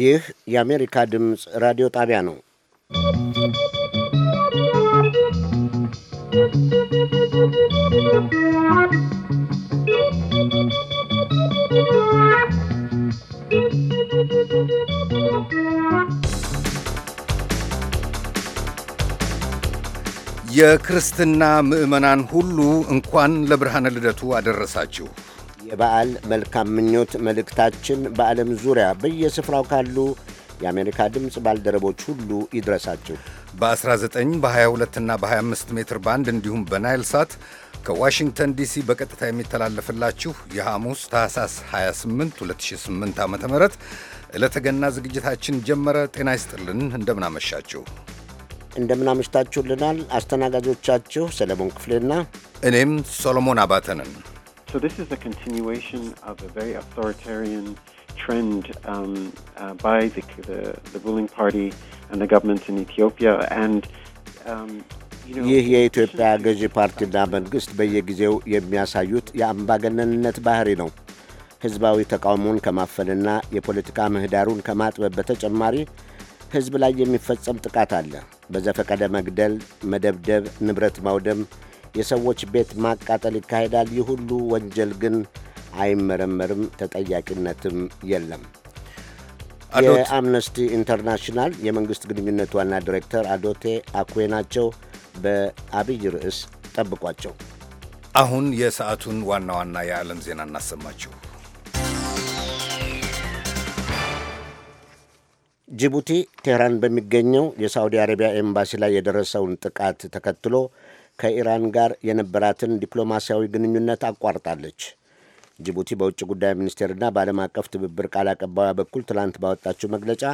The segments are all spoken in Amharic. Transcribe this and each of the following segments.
ይህ የአሜሪካ ድምፅ ራዲዮ ጣቢያ ነው። Thank you. የክርስትና ምዕመናን ሁሉ እንኳን ለብርሃነ ልደቱ አደረሳችሁ። የበዓል መልካም ምኞት መልእክታችን በዓለም ዙሪያ በየስፍራው ካሉ የአሜሪካ ድምፅ ባልደረቦች ሁሉ ይድረሳችሁ። በ19 በ22 እና በ25 ሜትር ባንድ እንዲሁም በናይል ሳት ከዋሽንግተን ዲሲ በቀጥታ የሚተላለፍላችሁ የሐሙስ ታህሳስ 28 2008 ዓ ም ዕለተ ገና ዝግጅታችን ጀመረ። ጤና ይስጥልን፣ እንደምናመሻችሁ እንደምናመሽታችሁልናል። አስተናጋጆቻችሁ ሰለሞን ክፍሌና እኔም ሶሎሞን አባተ ነን። ይህ የኢትዮጵያ ገዢ ፓርቲና መንግሥት በየጊዜው የሚያሳዩት የአምባገነንነት ባህሪ ነው። ሕዝባዊ ተቃውሞን ከማፈንና የፖለቲካ ምህዳሩን ከማጥበብ በተጨማሪ ሕዝብ ላይ የሚፈጸም ጥቃት አለ። በዘፈቀደ መግደል፣ መደብደብ፣ ንብረት ማውደም፣ የሰዎች ቤት ማቃጠል ይካሄዳል። ይህ ሁሉ ወንጀል ግን አይመረመርም፣ ተጠያቂነትም የለም። የአምነስቲ ኢንተርናሽናል የመንግሥት ግንኙነት ዋና ዲሬክተር አዶቴ አኩዌ ናቸው። በአብይ ርዕስ ጠብቋቸው። አሁን የሰዓቱን ዋና ዋና የዓለም ዜና እናሰማችሁ። ጅቡቲ ቴህራን በሚገኘው የሳዑዲ አረቢያ ኤምባሲ ላይ የደረሰውን ጥቃት ተከትሎ ከኢራን ጋር የነበራትን ዲፕሎማሲያዊ ግንኙነት አቋርጣለች። ጅቡቲ በውጭ ጉዳይ ሚኒስቴርና በዓለም አቀፍ ትብብር ቃል አቀባዩ በኩል ትላንት ባወጣችው መግለጫ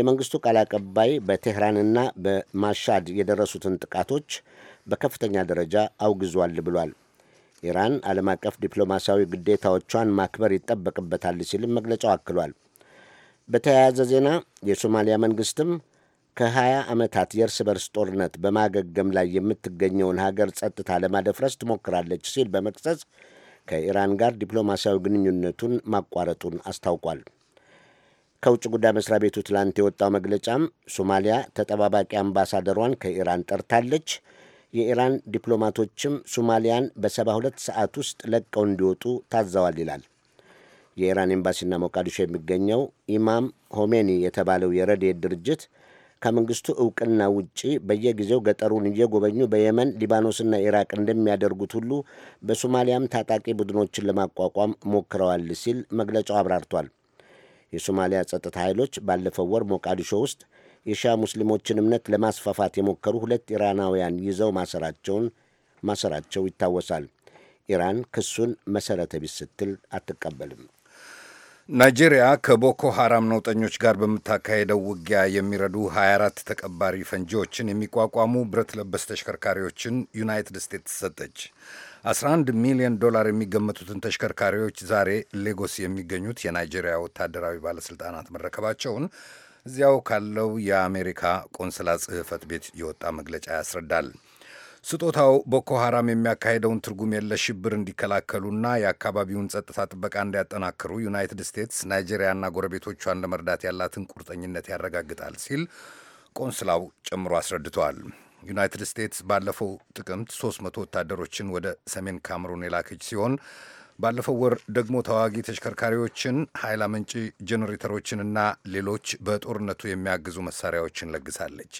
የመንግስቱ ቃል አቀባይ በቴህራንና በማሻድ የደረሱትን ጥቃቶች በከፍተኛ ደረጃ አውግዟል ብሏል። ኢራን ዓለም አቀፍ ዲፕሎማሲያዊ ግዴታዎቿን ማክበር ይጠበቅበታል ሲልም መግለጫው አክሏል። በተያያዘ ዜና የሶማሊያ መንግስትም ከ20 ዓመታት የእርስ በርስ ጦርነት በማገገም ላይ የምትገኘውን ሀገር ጸጥታ ለማደፍረስ ትሞክራለች ሲል በመክሰስ ከኢራን ጋር ዲፕሎማሲያዊ ግንኙነቱን ማቋረጡን አስታውቋል። ከውጭ ጉዳይ መስሪያ ቤቱ ትላንት የወጣው መግለጫም ሶማሊያ ተጠባባቂ አምባሳደሯን ከኢራን ጠርታለች። የኢራን ዲፕሎማቶችም ሶማሊያን በሰባ 72 ሰዓት ውስጥ ለቀው እንዲወጡ ታዘዋል ይላል። የኢራን ኤምባሲና ሞቃዲሾ የሚገኘው ኢማም ሆሜኒ የተባለው የረድኤት ድርጅት ከመንግስቱ እውቅና ውጪ በየጊዜው ገጠሩን እየጎበኙ በየመን ሊባኖስና ኢራቅ እንደሚያደርጉት ሁሉ በሶማሊያም ታጣቂ ቡድኖችን ለማቋቋም ሞክረዋል ሲል መግለጫው አብራርቷል። የሶማሊያ ጸጥታ ኃይሎች ባለፈው ወር ሞቃዲሾ ውስጥ የሺያ ሙስሊሞችን እምነት ለማስፋፋት የሞከሩ ሁለት ኢራናውያን ይዘው ማሰራቸውን ማሰራቸው ይታወሳል። ኢራን ክሱን መሠረተ ቢስ ስትል አትቀበልም። ናይጄሪያ ከቦኮ ሐራም ነውጠኞች ጋር በምታካሄደው ውጊያ የሚረዱ 24 ተቀባሪ ፈንጂዎችን የሚቋቋሙ ብረት ለበስ ተሽከርካሪዎችን ዩናይትድ ስቴትስ ሰጠች። 11 ሚሊዮን ዶላር የሚገመቱትን ተሽከርካሪዎች ዛሬ ሌጎስ የሚገኙት የናይጄሪያ ወታደራዊ ባለሥልጣናት መረከባቸውን እዚያው ካለው የአሜሪካ ቆንስላ ጽሕፈት ቤት የወጣ መግለጫ ያስረዳል። ስጦታው ቦኮ ሐራም የሚያካሄደውን ትርጉም የለ ሽብር እንዲከላከሉና የአካባቢውን ጸጥታ ጥበቃ እንዲያጠናክሩ ዩናይትድ ስቴትስ ናይጄሪያና ጎረቤቶቿን ለመርዳት ያላትን ቁርጠኝነት ያረጋግጣል ሲል ቆንስላው ጨምሮ አስረድተዋል። ዩናይትድ ስቴትስ ባለፈው ጥቅምት 300 ወታደሮችን ወደ ሰሜን ካምሩን የላከች ሲሆን ባለፈው ወር ደግሞ ተዋጊ ተሽከርካሪዎችን፣ ኃይል አመንጪ ጄኔሬተሮችንና ሌሎች በጦርነቱ የሚያግዙ መሳሪያዎችን ለግሳለች።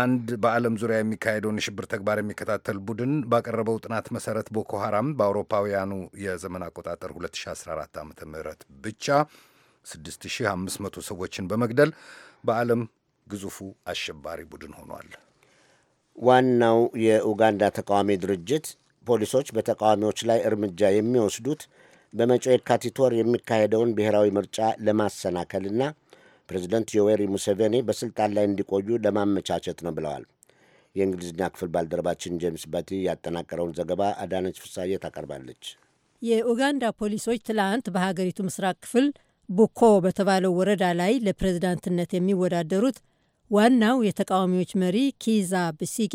አንድ በዓለም ዙሪያ የሚካሄደውን የሽብር ተግባር የሚከታተል ቡድን ባቀረበው ጥናት መሰረት ቦኮ በአውሮፓውያኑ የዘመን አቆጣጠር 2014 ዓ ም ብቻ 6500 ሰዎችን በመግደል በዓለም ግዙፉ አሸባሪ ቡድን ሆኗል። ዋናው የኡጋንዳ ተቃዋሚ ድርጅት ፖሊሶች በተቃዋሚዎች ላይ እርምጃ የሚወስዱት በመጪው የካቲት ወር የሚካሄደውን ብሔራዊ ምርጫ ለማሰናከልና ፕሬዚደንት ዮዌሪ ሙሴቬኒ በስልጣን ላይ እንዲቆዩ ለማመቻቸት ነው ብለዋል። የእንግሊዝኛ ክፍል ባልደረባችን ጄምስ ባቲ ያጠናቀረውን ዘገባ አዳነች ፍሳዬ ታቀርባለች። የኡጋንዳ ፖሊሶች ትላንት በሀገሪቱ ምስራቅ ክፍል ቡኮ በተባለው ወረዳ ላይ ለፕሬዝዳንትነት የሚወዳደሩት ዋናው የተቃዋሚዎች መሪ ኪዛ ብሲጌ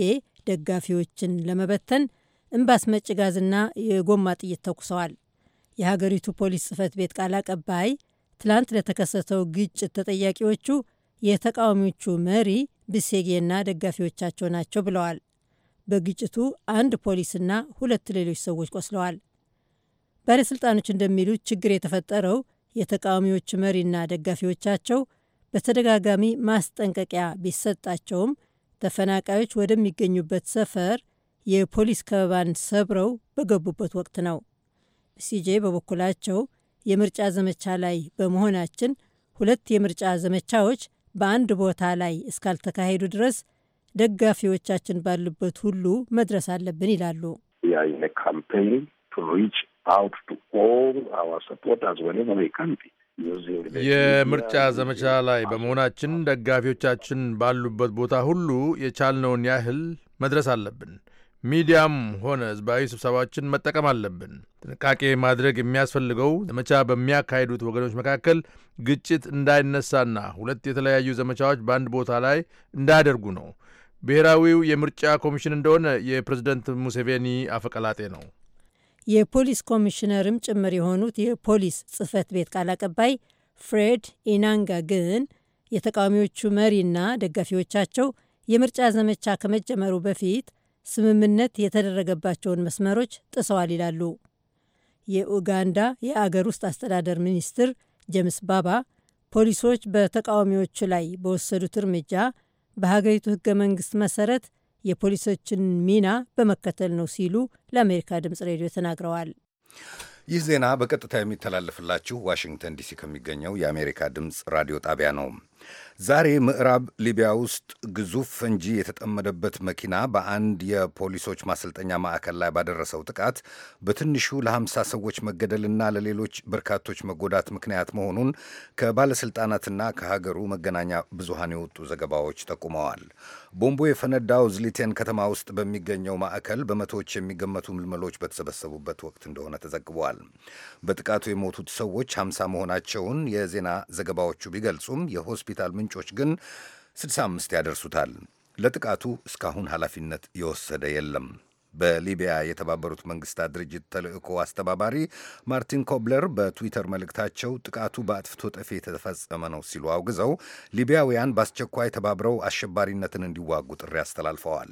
ደጋፊዎችን ለመበተን እምባስ መጭ ጋዝና የጎማ ጥይት ተኩሰዋል። የሀገሪቱ ፖሊስ ጽህፈት ቤት ቃል አቀባይ ትላንት ለተከሰተው ግጭት ተጠያቂዎቹ የተቃዋሚዎቹ መሪ ብሴጌና ደጋፊዎቻቸው ናቸው ብለዋል። በግጭቱ አንድ ፖሊስና ሁለት ሌሎች ሰዎች ቆስለዋል። ባለሥልጣኖች እንደሚሉት ችግር የተፈጠረው የተቃዋሚዎቹ መሪና ደጋፊዎቻቸው በተደጋጋሚ ማስጠንቀቂያ ቢሰጣቸውም ተፈናቃዮች ወደሚገኙበት ሰፈር የፖሊስ ከበባን ሰብረው በገቡበት ወቅት ነው። ሲጄ በበኩላቸው የምርጫ ዘመቻ ላይ በመሆናችን ሁለት የምርጫ ዘመቻዎች በአንድ ቦታ ላይ እስካልተካሄዱ ድረስ ደጋፊዎቻችን ባሉበት ሁሉ መድረስ አለብን ይላሉ። የምርጫ ዘመቻ ላይ በመሆናችን ደጋፊዎቻችን ባሉበት ቦታ ሁሉ የቻልነውን ያህል መድረስ አለብን። ሚዲያም ሆነ ህዝባዊ ስብሰባዎችን መጠቀም አለብን። ጥንቃቄ ማድረግ የሚያስፈልገው ዘመቻ በሚያካሂዱት ወገኖች መካከል ግጭት እንዳይነሳና ሁለት የተለያዩ ዘመቻዎች በአንድ ቦታ ላይ እንዳያደርጉ ነው። ብሔራዊው የምርጫ ኮሚሽን እንደሆነ የፕሬዝደንት ሙሴቬኒ አፈቀላጤ ነው። የፖሊስ ኮሚሽነርም ጭምር የሆኑት የፖሊስ ጽህፈት ቤት ቃል አቀባይ ፍሬድ ኢናንጋ ግን የተቃዋሚዎቹ መሪና ደጋፊዎቻቸው የምርጫ ዘመቻ ከመጀመሩ በፊት ስምምነት የተደረገባቸውን መስመሮች ጥሰዋል ይላሉ። የኡጋንዳ የአገር ውስጥ አስተዳደር ሚኒስትር ጄምስ ባባ ፖሊሶች በተቃዋሚዎቹ ላይ በወሰዱት እርምጃ በሀገሪቱ ህገ መንግስት መሰረት የፖሊሶችን ሚና በመከተል ነው ሲሉ ለአሜሪካ ድምፅ ሬዲዮ ተናግረዋል። ይህ ዜና በቀጥታ የሚተላለፍላችሁ ዋሽንግተን ዲሲ ከሚገኘው የአሜሪካ ድምፅ ራዲዮ ጣቢያ ነው። ዛሬ ምዕራብ ሊቢያ ውስጥ ግዙፍ ፈንጂ የተጠመደበት መኪና በአንድ የፖሊሶች ማሰልጠኛ ማዕከል ላይ ባደረሰው ጥቃት በትንሹ ለሀምሳ ሰዎች መገደልና ለሌሎች በርካቶች መጎዳት ምክንያት መሆኑን ከባለሥልጣናትና ከሀገሩ መገናኛ ብዙሃን የወጡ ዘገባዎች ጠቁመዋል። ቦምቡ የፈነዳው ዝሊቴን ከተማ ውስጥ በሚገኘው ማዕከል በመቶዎች የሚገመቱ ምልመሎች በተሰበሰቡበት ወቅት እንደሆነ ተዘግቧል። በጥቃቱ የሞቱት ሰዎች ሀምሳ መሆናቸውን የዜና ዘገባዎቹ ቢገልጹም የሆስፒ የሆስፒታል ምንጮች ግን 65 ያደርሱታል። ለጥቃቱ እስካሁን ኃላፊነት የወሰደ የለም። በሊቢያ የተባበሩት መንግስታት ድርጅት ተልእኮ አስተባባሪ ማርቲን ኮብለር በትዊተር መልእክታቸው ጥቃቱ በአጥፍቶ ጠፊ የተፈጸመ ነው ሲሉ አውግዘው ሊቢያውያን በአስቸኳይ ተባብረው አሸባሪነትን እንዲዋጉ ጥሪ አስተላልፈዋል።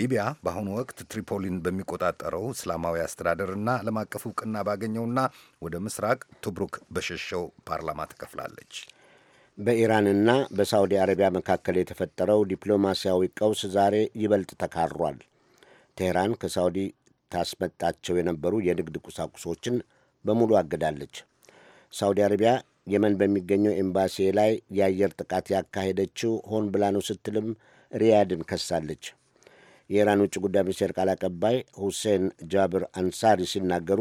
ሊቢያ በአሁኑ ወቅት ትሪፖሊን በሚቆጣጠረው እስላማዊ አስተዳደርና ዓለም አቀፍ እውቅና ባገኘውና ወደ ምስራቅ ቱብሩክ በሸሸው ፓርላማ ተከፍላለች። በኢራንና በሳውዲ አረቢያ መካከል የተፈጠረው ዲፕሎማሲያዊ ቀውስ ዛሬ ይበልጥ ተካሯል። ቴህራን ከሳውዲ ታስመጣቸው የነበሩ የንግድ ቁሳቁሶችን በሙሉ አግዳለች። ሳውዲ አረቢያ የመን በሚገኘው ኤምባሲ ላይ የአየር ጥቃት ያካሄደችው ሆን ብላ ነው ስትልም ሪያድን ከሳለች። የኢራን ውጭ ጉዳይ ሚኒስቴር ቃል አቀባይ ሁሴን ጃብር አንሳሪ ሲናገሩ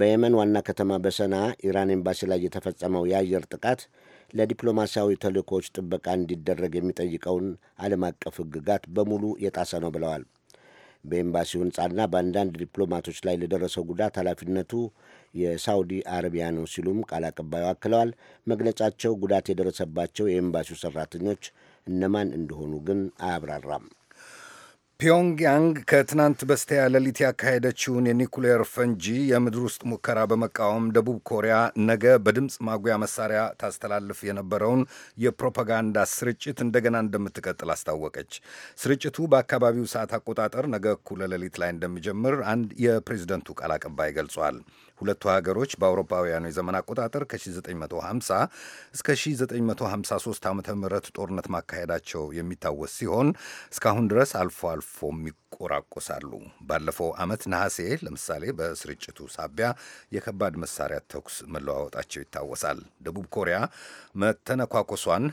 በየመን ዋና ከተማ በሰና ኢራን ኤምባሲ ላይ የተፈጸመው የአየር ጥቃት ለዲፕሎማሲያዊ ተልእኮዎች ጥበቃ እንዲደረግ የሚጠይቀውን ዓለም አቀፍ ሕግጋት በሙሉ የጣሰ ነው ብለዋል። በኤምባሲው ሕንፃና በአንዳንድ ዲፕሎማቶች ላይ ለደረሰው ጉዳት ኃላፊነቱ የሳውዲ አረቢያ ነው ሲሉም ቃል አቀባዩ አክለዋል። መግለጫቸው ጉዳት የደረሰባቸው የኤምባሲው ሰራተኞች እነማን እንደሆኑ ግን አያብራራም። ፒዮንግያንግ ከትናንት በስቲያ ሌሊት ያካሄደችውን የኒኩሌር ፈንጂ የምድር ውስጥ ሙከራ በመቃወም ደቡብ ኮሪያ ነገ በድምፅ ማጉያ መሳሪያ ታስተላልፍ የነበረውን የፕሮፓጋንዳ ስርጭት እንደገና እንደምትቀጥል አስታወቀች። ስርጭቱ በአካባቢው ሰዓት አቆጣጠር ነገ እኩለ ሌሊት ላይ እንደሚጀምር አንድ የፕሬዝደንቱ ቃል አቀባይ ገልጿል። ሁለቱ ሀገሮች በአውሮፓውያኑ የዘመን አቆጣጠር ከ1950 እስከ 1953 ዓ ም ጦርነት ማካሄዳቸው የሚታወስ ሲሆን እስካሁን ድረስ አልፎ አልፎም ይቆራቆሳሉ። ባለፈው ዓመት ነሐሴ ለምሳሌ በስርጭቱ ሳቢያ የከባድ መሳሪያ ተኩስ መለዋወጣቸው ይታወሳል። ደቡብ ኮሪያ መተነኳኮሷን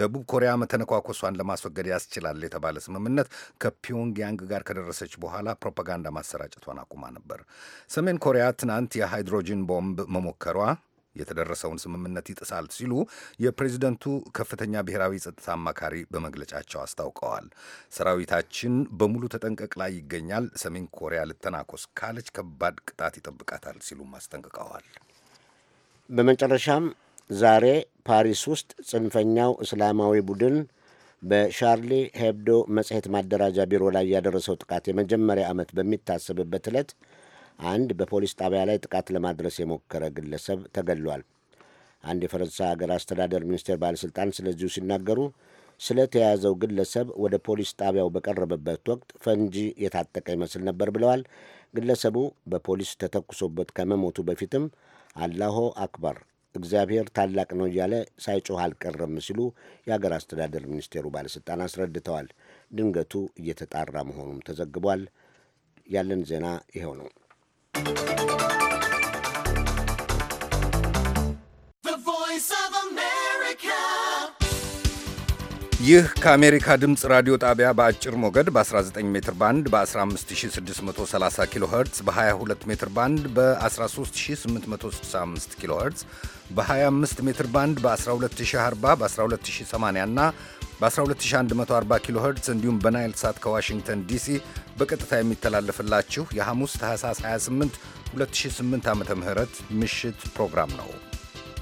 ደቡብ ኮሪያ መተነኳኮሷን ለማስወገድ ያስችላል የተባለ ስምምነት ከፒዮንግያንግ ጋር ከደረሰች በኋላ ፕሮፓጋንዳ ማሰራጨቷን አቁማ ነበር። ሰሜን ኮሪያ ትናንት የሃይድሮጂን ቦምብ መሞከሯ የተደረሰውን ስምምነት ይጥሳል ሲሉ የፕሬዚደንቱ ከፍተኛ ብሔራዊ ጸጥታ አማካሪ በመግለጫቸው አስታውቀዋል። ሰራዊታችን በሙሉ ተጠንቀቅ ላይ ይገኛል፣ ሰሜን ኮሪያ ልተናኮስ ካለች ከባድ ቅጣት ይጠብቃታል ሲሉም አስጠንቅቀዋል። በመጨረሻም ዛሬ ፓሪስ ውስጥ ጽንፈኛው እስላማዊ ቡድን በሻርሊ ሄብዶ መጽሔት ማደራጃ ቢሮ ላይ ያደረሰው ጥቃት የመጀመሪያ ዓመት በሚታሰብበት ዕለት አንድ በፖሊስ ጣቢያ ላይ ጥቃት ለማድረስ የሞከረ ግለሰብ ተገድሏል። አንድ የፈረንሳይ ሀገር አስተዳደር ሚኒስቴር ባለሥልጣን ስለዚሁ ሲናገሩ ስለተያያዘው ግለሰብ ወደ ፖሊስ ጣቢያው በቀረበበት ወቅት ፈንጂ የታጠቀ ይመስል ነበር ብለዋል። ግለሰቡ በፖሊስ ተተኩሶበት ከመሞቱ በፊትም አላሆ አክባር እግዚአብሔር ታላቅ ነው እያለ ሳይጮህ አልቀረም ሲሉ የአገር አስተዳደር ሚኒስቴሩ ባለሥልጣን አስረድተዋል። ድንገቱ እየተጣራ መሆኑም ተዘግቧል። ያለን ዜና ይኸው ነው። ይህ ከአሜሪካ ድምፅ ራዲዮ ጣቢያ በአጭር ሞገድ በ19 ሜትር ባንድ በ15630 ኪሎ ኸርትዝ በ22 ሜትር ባንድ በ13865 ኪሎ ኸርትዝ በ25 ሜትር ባንድ በ12040 በ12080 እና በ12140 ኪሎ ሄርትስ እንዲሁም በናይል ሳት ከዋሽንግተን ዲሲ በቀጥታ የሚተላለፍላችሁ የሐሙስ ታህሳስ 28 2008 ዓ ም ምሽት ፕሮግራም ነው።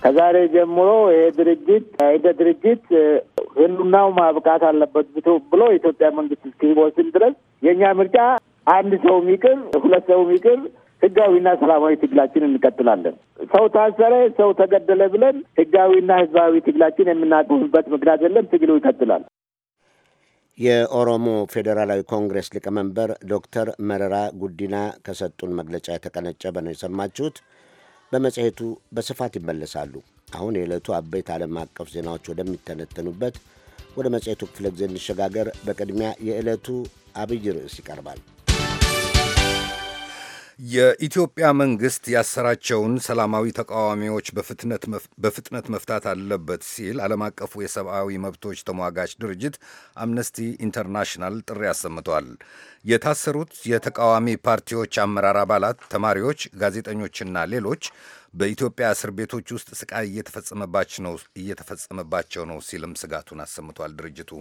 ከዛሬ ጀምሮ ይሄ ድርጅት ይደ ድርጅት ህሉናው ማብቃት አለበት ብሎ የኢትዮጵያ መንግስት እስኪወስን ድረስ የእኛ ምርጫ አንድ ሰው ይቅር፣ ሁለት ሰው ይቅር ህጋዊና ሰላማዊ ትግላችን እንቀጥላለን። ሰው ታሰረ፣ ሰው ተገደለ ብለን ህጋዊና ህዝባዊ ትግላችን የምናቆምበት ምክንያት የለም። ትግሉ ይቀጥላል። የኦሮሞ ፌዴራላዊ ኮንግረስ ሊቀመንበር ዶክተር መረራ ጉዲና ከሰጡን መግለጫ የተቀነጨበ ነው የሰማችሁት። በመጽሔቱ በስፋት ይመለሳሉ። አሁን የዕለቱ አበይት ዓለም አቀፍ ዜናዎች ወደሚተነተኑበት ወደ መጽሔቱ ክፍለ ጊዜ እንሸጋገር። በቅድሚያ የዕለቱ አብይ ርዕስ ይቀርባል። የኢትዮጵያ መንግስት ያሰራቸውን ሰላማዊ ተቃዋሚዎች በፍጥነት መፍታት አለበት ሲል ዓለም አቀፉ የሰብአዊ መብቶች ተሟጋች ድርጅት አምነስቲ ኢንተርናሽናል ጥሪ አሰምቷል። የታሰሩት የተቃዋሚ ፓርቲዎች አመራር አባላት፣ ተማሪዎች፣ ጋዜጠኞችና ሌሎች በኢትዮጵያ እስር ቤቶች ውስጥ ስቃይ እየተፈጸመባቸው ነው ሲልም ስጋቱን አሰምቷል ድርጅቱ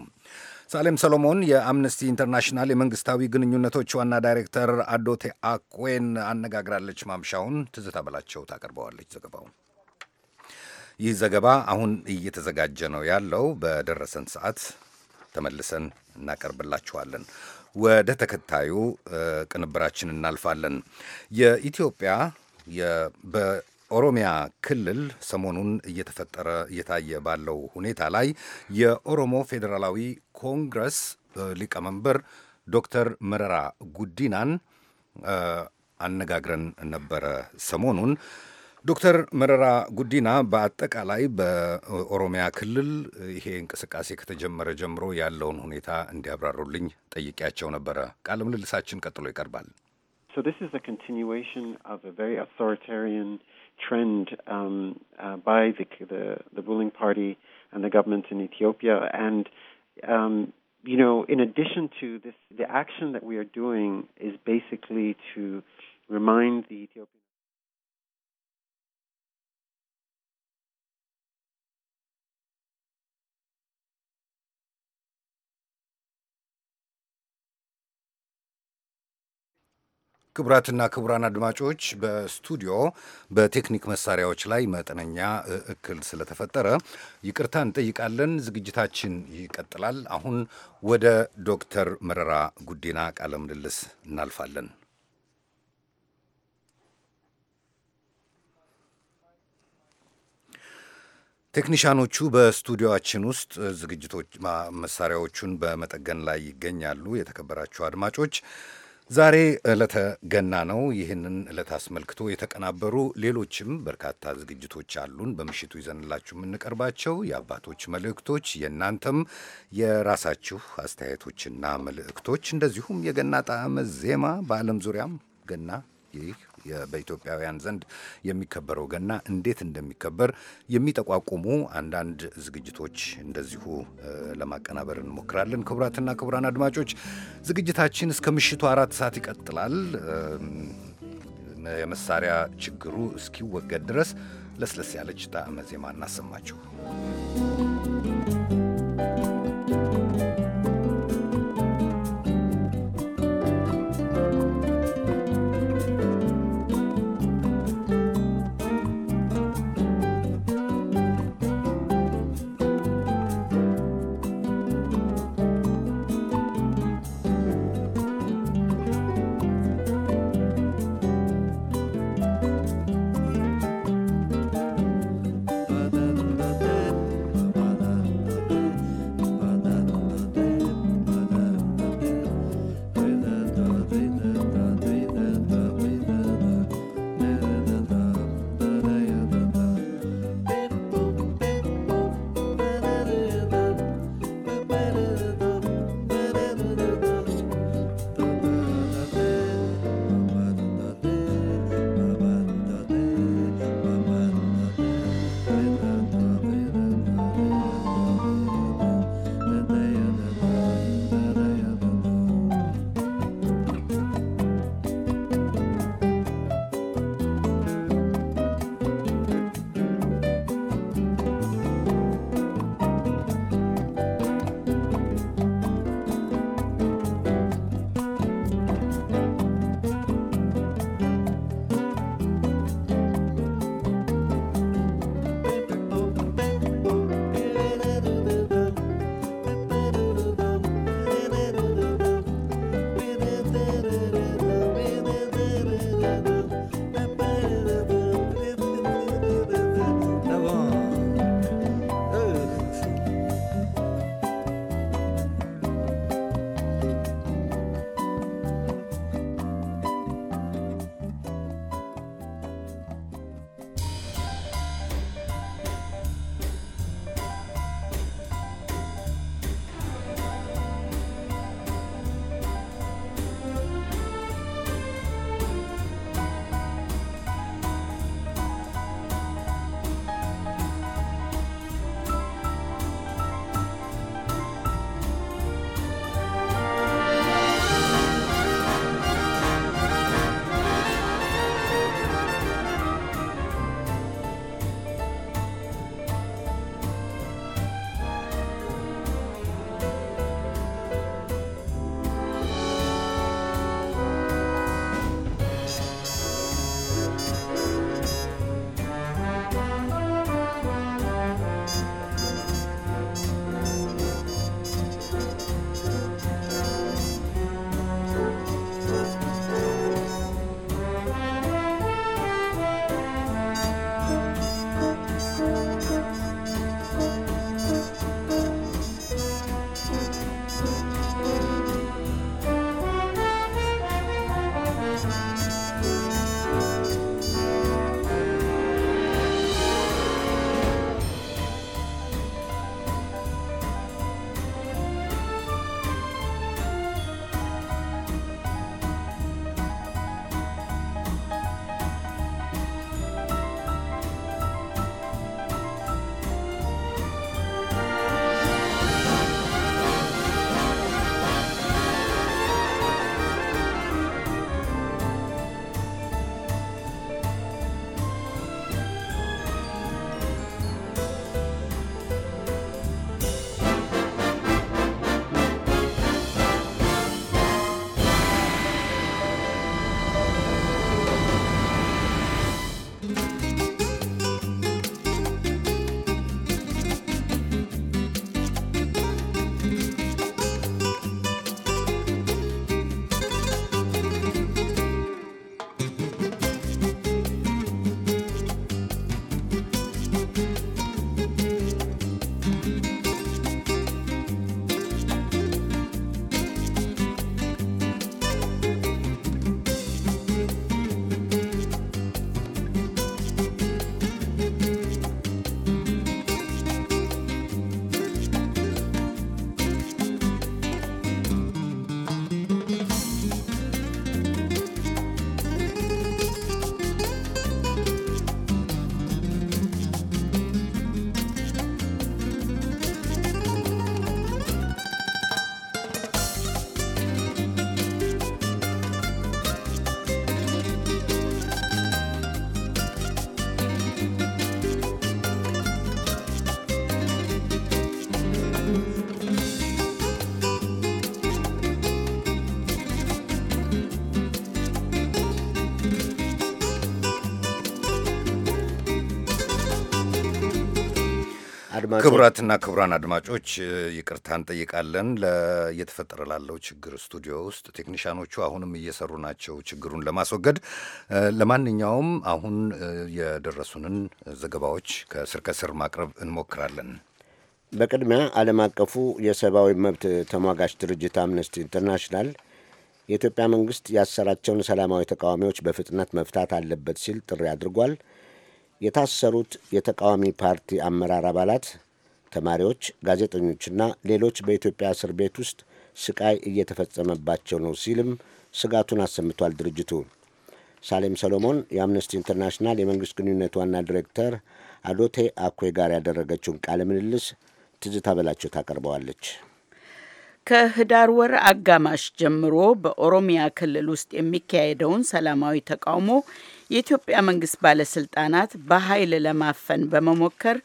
ሳሌም ሰሎሞን የአምነስቲ ኢንተርናሽናል የመንግስታዊ ግንኙነቶች ዋና ዳይሬክተር አዶቴ አኩዌን አነጋግራለች። ማምሻውን ትዝታ በላቸው ታቀርበዋለች ዘገባውን። ይህ ዘገባ አሁን እየተዘጋጀ ነው ያለው። በደረሰን ሰዓት ተመልሰን እናቀርብላችኋለን። ወደ ተከታዩ ቅንብራችን እናልፋለን። የኢትዮጵያ ኦሮሚያ ክልል ሰሞኑን እየተፈጠረ እየታየ ባለው ሁኔታ ላይ የኦሮሞ ፌዴራላዊ ኮንግረስ ሊቀመንበር ዶክተር መረራ ጉዲናን አነጋግረን ነበረ። ሰሞኑን ዶክተር መረራ ጉዲና በአጠቃላይ በኦሮሚያ ክልል ይሄ እንቅስቃሴ ከተጀመረ ጀምሮ ያለውን ሁኔታ እንዲያብራሩልኝ ጠይቄያቸው ነበረ። ቃለ ምልልሳችን ቀጥሎ ይቀርባል። So this is a continuation of a very authoritarian trend um, uh, by the, the, the ruling party and the government in Ethiopia. And um, you know, in addition to this, the action that we are doing is basically to remind the Ethiopian ክቡራትና ክቡራን አድማጮች በስቱዲዮ በቴክኒክ መሳሪያዎች ላይ መጠነኛ እክል ስለተፈጠረ ይቅርታ እንጠይቃለን። ዝግጅታችን ይቀጥላል። አሁን ወደ ዶክተር መረራ ጉዲና ቃለ ምልልስ እናልፋለን። ቴክኒሻኖቹ በስቱዲዮችን ውስጥ ዝግጅቶች መሳሪያዎቹን በመጠገን ላይ ይገኛሉ። የተከበራችሁ አድማጮች ዛሬ ዕለተ ገና ነው። ይህንን ዕለት አስመልክቶ የተቀናበሩ ሌሎችም በርካታ ዝግጅቶች አሉን በምሽቱ ይዘንላችሁ የምንቀርባቸው የአባቶች መልእክቶች፣ የእናንተም የራሳችሁ አስተያየቶችና መልእክቶች እንደዚሁም የገና ጣዕመ ዜማ በዓለም ዙሪያም ገና ይህ በኢትዮጵያውያን ዘንድ የሚከበረው ገና እንዴት እንደሚከበር የሚጠቋቁሙ አንዳንድ ዝግጅቶች እንደዚሁ ለማቀናበር እንሞክራለን። ክቡራትና ክቡራን አድማጮች ዝግጅታችን እስከ ምሽቱ አራት ሰዓት ይቀጥላል። የመሳሪያ ችግሩ እስኪወገድ ድረስ ለስለስ ያለች ጣዕመ ዜማ እናሰማችሁ። አድማጮች ክቡራትና ክቡራን አድማጮች ይቅርታ እንጠይቃለን እየተፈጠረ ላለው ችግር ስቱዲዮ ውስጥ ቴክኒሻኖቹ አሁንም እየሰሩ ናቸው ችግሩን ለማስወገድ ለማንኛውም አሁን የደረሱንን ዘገባዎች ከስር ከስር ማቅረብ እንሞክራለን በቅድሚያ ዓለም አቀፉ የሰብአዊ መብት ተሟጋች ድርጅት አምነስቲ ኢንተርናሽናል የኢትዮጵያ መንግስት ያሰራቸውን ሰላማዊ ተቃዋሚዎች በፍጥነት መፍታት አለበት ሲል ጥሪ አድርጓል የታሰሩት የተቃዋሚ ፓርቲ አመራር አባላት፣ ተማሪዎች፣ ጋዜጠኞችና ሌሎች በኢትዮጵያ እስር ቤት ውስጥ ስቃይ እየተፈጸመባቸው ነው ሲልም ስጋቱን አሰምቷል ድርጅቱ። ሳሌም ሰሎሞን የአምነስቲ ኢንተርናሽናል የመንግሥት ግንኙነት ዋና ዲሬክተር አዶቴ አኮይ ጋር ያደረገችውን ቃለ ምልልስ ትዝታ በላቸው ታቀርበዋለች። ከህዳር ወር አጋማሽ ጀምሮ በኦሮሚያ ክልል ውስጥ የሚካሄደውን ሰላማዊ ተቃውሞ የኢትዮጵያ መንግስት ባለስልጣናት በኃይል ለማፈን በመሞከር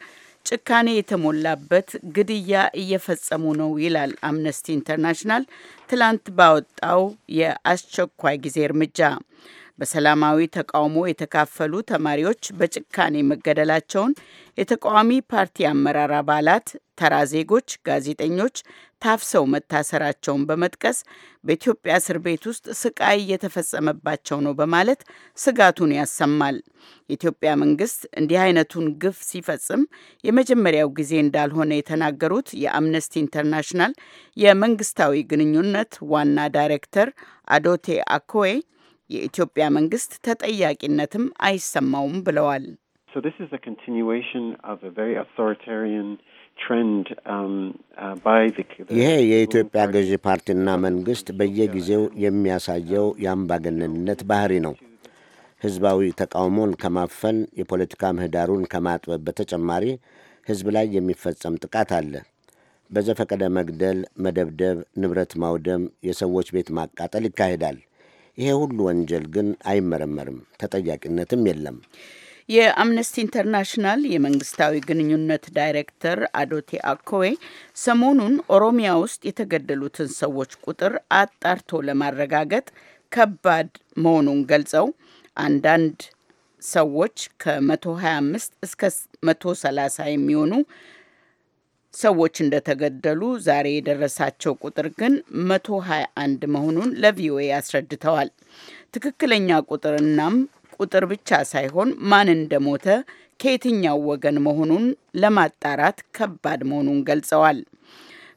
ጭካኔ የተሞላበት ግድያ እየፈጸሙ ነው ይላል አምነስቲ ኢንተርናሽናል ትላንት ባወጣው የአስቸኳይ ጊዜ እርምጃ። በሰላማዊ ተቃውሞ የተካፈሉ ተማሪዎች በጭካኔ መገደላቸውን የተቃዋሚ ፓርቲ አመራር አባላት፣ ተራ ዜጎች፣ ጋዜጠኞች፣ ታፍሰው መታሰራቸውን በመጥቀስ በኢትዮጵያ እስር ቤት ውስጥ ስቃይ እየተፈጸመባቸው ነው በማለት ስጋቱን ያሰማል። የኢትዮጵያ መንግስት እንዲህ አይነቱን ግፍ ሲፈጽም የመጀመሪያው ጊዜ እንዳልሆነ የተናገሩት የአምነስቲ ኢንተርናሽናል የመንግስታዊ ግንኙነት ዋና ዳይሬክተር አዶቴ አኮዌ የኢትዮጵያ መንግስት ተጠያቂነትም አይሰማውም ብለዋል። So this is a continuation of a very authoritarian ትረንድ ባይ um, uh, ይሄ የኢትዮጵያ ገዢ ፓርቲና መንግስት በየጊዜው የሚያሳየው የአምባገነንነት ባህሪ ነው። ህዝባዊ ተቃውሞን ከማፈን የፖለቲካ ምህዳሩን ከማጥበብ በተጨማሪ ህዝብ ላይ የሚፈጸም ጥቃት አለ። በዘፈቀደ መግደል፣ መደብደብ፣ ንብረት ማውደም፣ የሰዎች ቤት ማቃጠል ይካሄዳል። ይሄ ሁሉ ወንጀል ግን አይመረመርም፣ ተጠያቂነትም የለም። የአምነስቲ ኢንተርናሽናል የመንግስታዊ ግንኙነት ዳይሬክተር አዶቴ አኮዌ ሰሞኑን ኦሮሚያ ውስጥ የተገደሉትን ሰዎች ቁጥር አጣርቶ ለማረጋገጥ ከባድ መሆኑን ገልጸው አንዳንድ ሰዎች ከ125 እስከ 130 የሚሆኑ ሰዎች እንደተገደሉ ዛሬ የደረሳቸው ቁጥር ግን 121 መሆኑን ለቪኦኤ አስረድተዋል። ትክክለኛ ቁጥር ቁጥር ብቻ ሳይሆን ማን እንደሞተ ከየትኛው ወገን መሆኑን ለማጣራት ከባድ መሆኑን ገልጸዋል።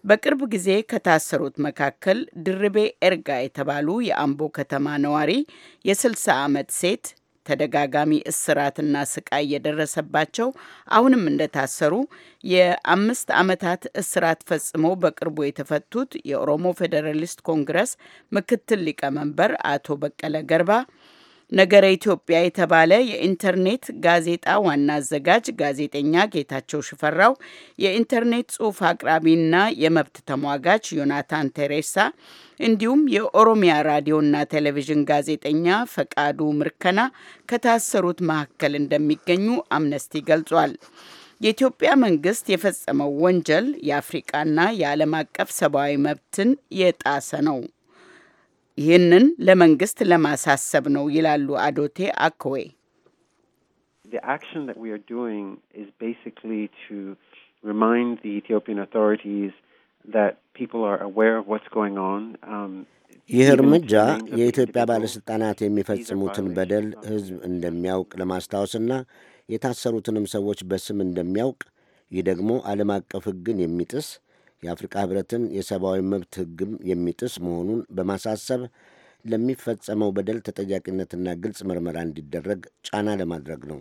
በቅርብ ጊዜ ከታሰሩት መካከል ድርቤ ኤርጋ የተባሉ የአምቦ ከተማ ነዋሪ የ60 ዓመት ሴት ተደጋጋሚ እስራትና ስቃይ የደረሰባቸው አሁንም እንደታሰሩ የአምስት ዓመታት እስራት ፈጽመው በቅርቡ የተፈቱት የኦሮሞ ፌዴራሊስት ኮንግረስ ምክትል ሊቀመንበር አቶ በቀለ ገርባ ነገረ ኢትዮጵያ የተባለ የኢንተርኔት ጋዜጣ ዋና አዘጋጅ ጋዜጠኛ ጌታቸው ሽፈራው፣ የኢንተርኔት ጽሑፍ አቅራቢና የመብት ተሟጋች ዮናታን ቴሬሳ እንዲሁም የኦሮሚያ ራዲዮና ቴሌቪዥን ጋዜጠኛ ፈቃዱ ምርከና ከታሰሩት መካከል እንደሚገኙ አምነስቲ ገልጿል። የኢትዮጵያ መንግስት የፈጸመው ወንጀል የአፍሪቃና የዓለም አቀፍ ሰብአዊ መብትን የጣሰ ነው ይህንን ለመንግስት ለማሳሰብ ነው ይላሉ አዶቴ አክዌ። um, ይህ እርምጃ የኢትዮጵያ ባለሥልጣናት የሚፈጽሙትን በደል ሕዝብ እንደሚያውቅ ለማስታወስና የታሰሩትንም ሰዎች በስም እንደሚያውቅ ይህ ደግሞ ዓለም አቀፍ ሕግን የሚጥስ የአፍሪካ ህብረትን የሰብአዊ መብት ህግም የሚጥስ መሆኑን በማሳሰብ ለሚፈጸመው በደል ተጠያቂነትና ግልጽ ምርመራ እንዲደረግ ጫና ለማድረግ ነው።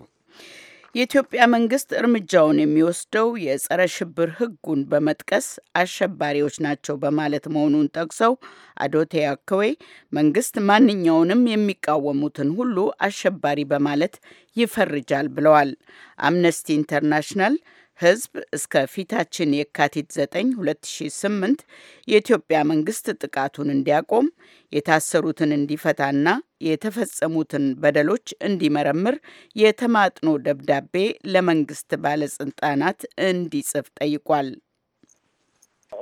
የኢትዮጵያ መንግስት እርምጃውን የሚወስደው የጸረ ሽብር ህጉን በመጥቀስ አሸባሪዎች ናቸው በማለት መሆኑን ጠቅሰው አዶቴ አክዌ መንግስት ማንኛውንም የሚቃወሙትን ሁሉ አሸባሪ በማለት ይፈርጃል ብለዋል። አምነስቲ ኢንተርናሽናል ህዝብ እስከ ፊታችን የካቲት 9 2008 የኢትዮጵያ መንግስት ጥቃቱን እንዲያቆም የታሰሩትን እንዲፈታና የተፈጸሙትን በደሎች እንዲመረምር የተማጥኖ ደብዳቤ ለመንግስት ባለስልጣናት እንዲጽፍ ጠይቋል።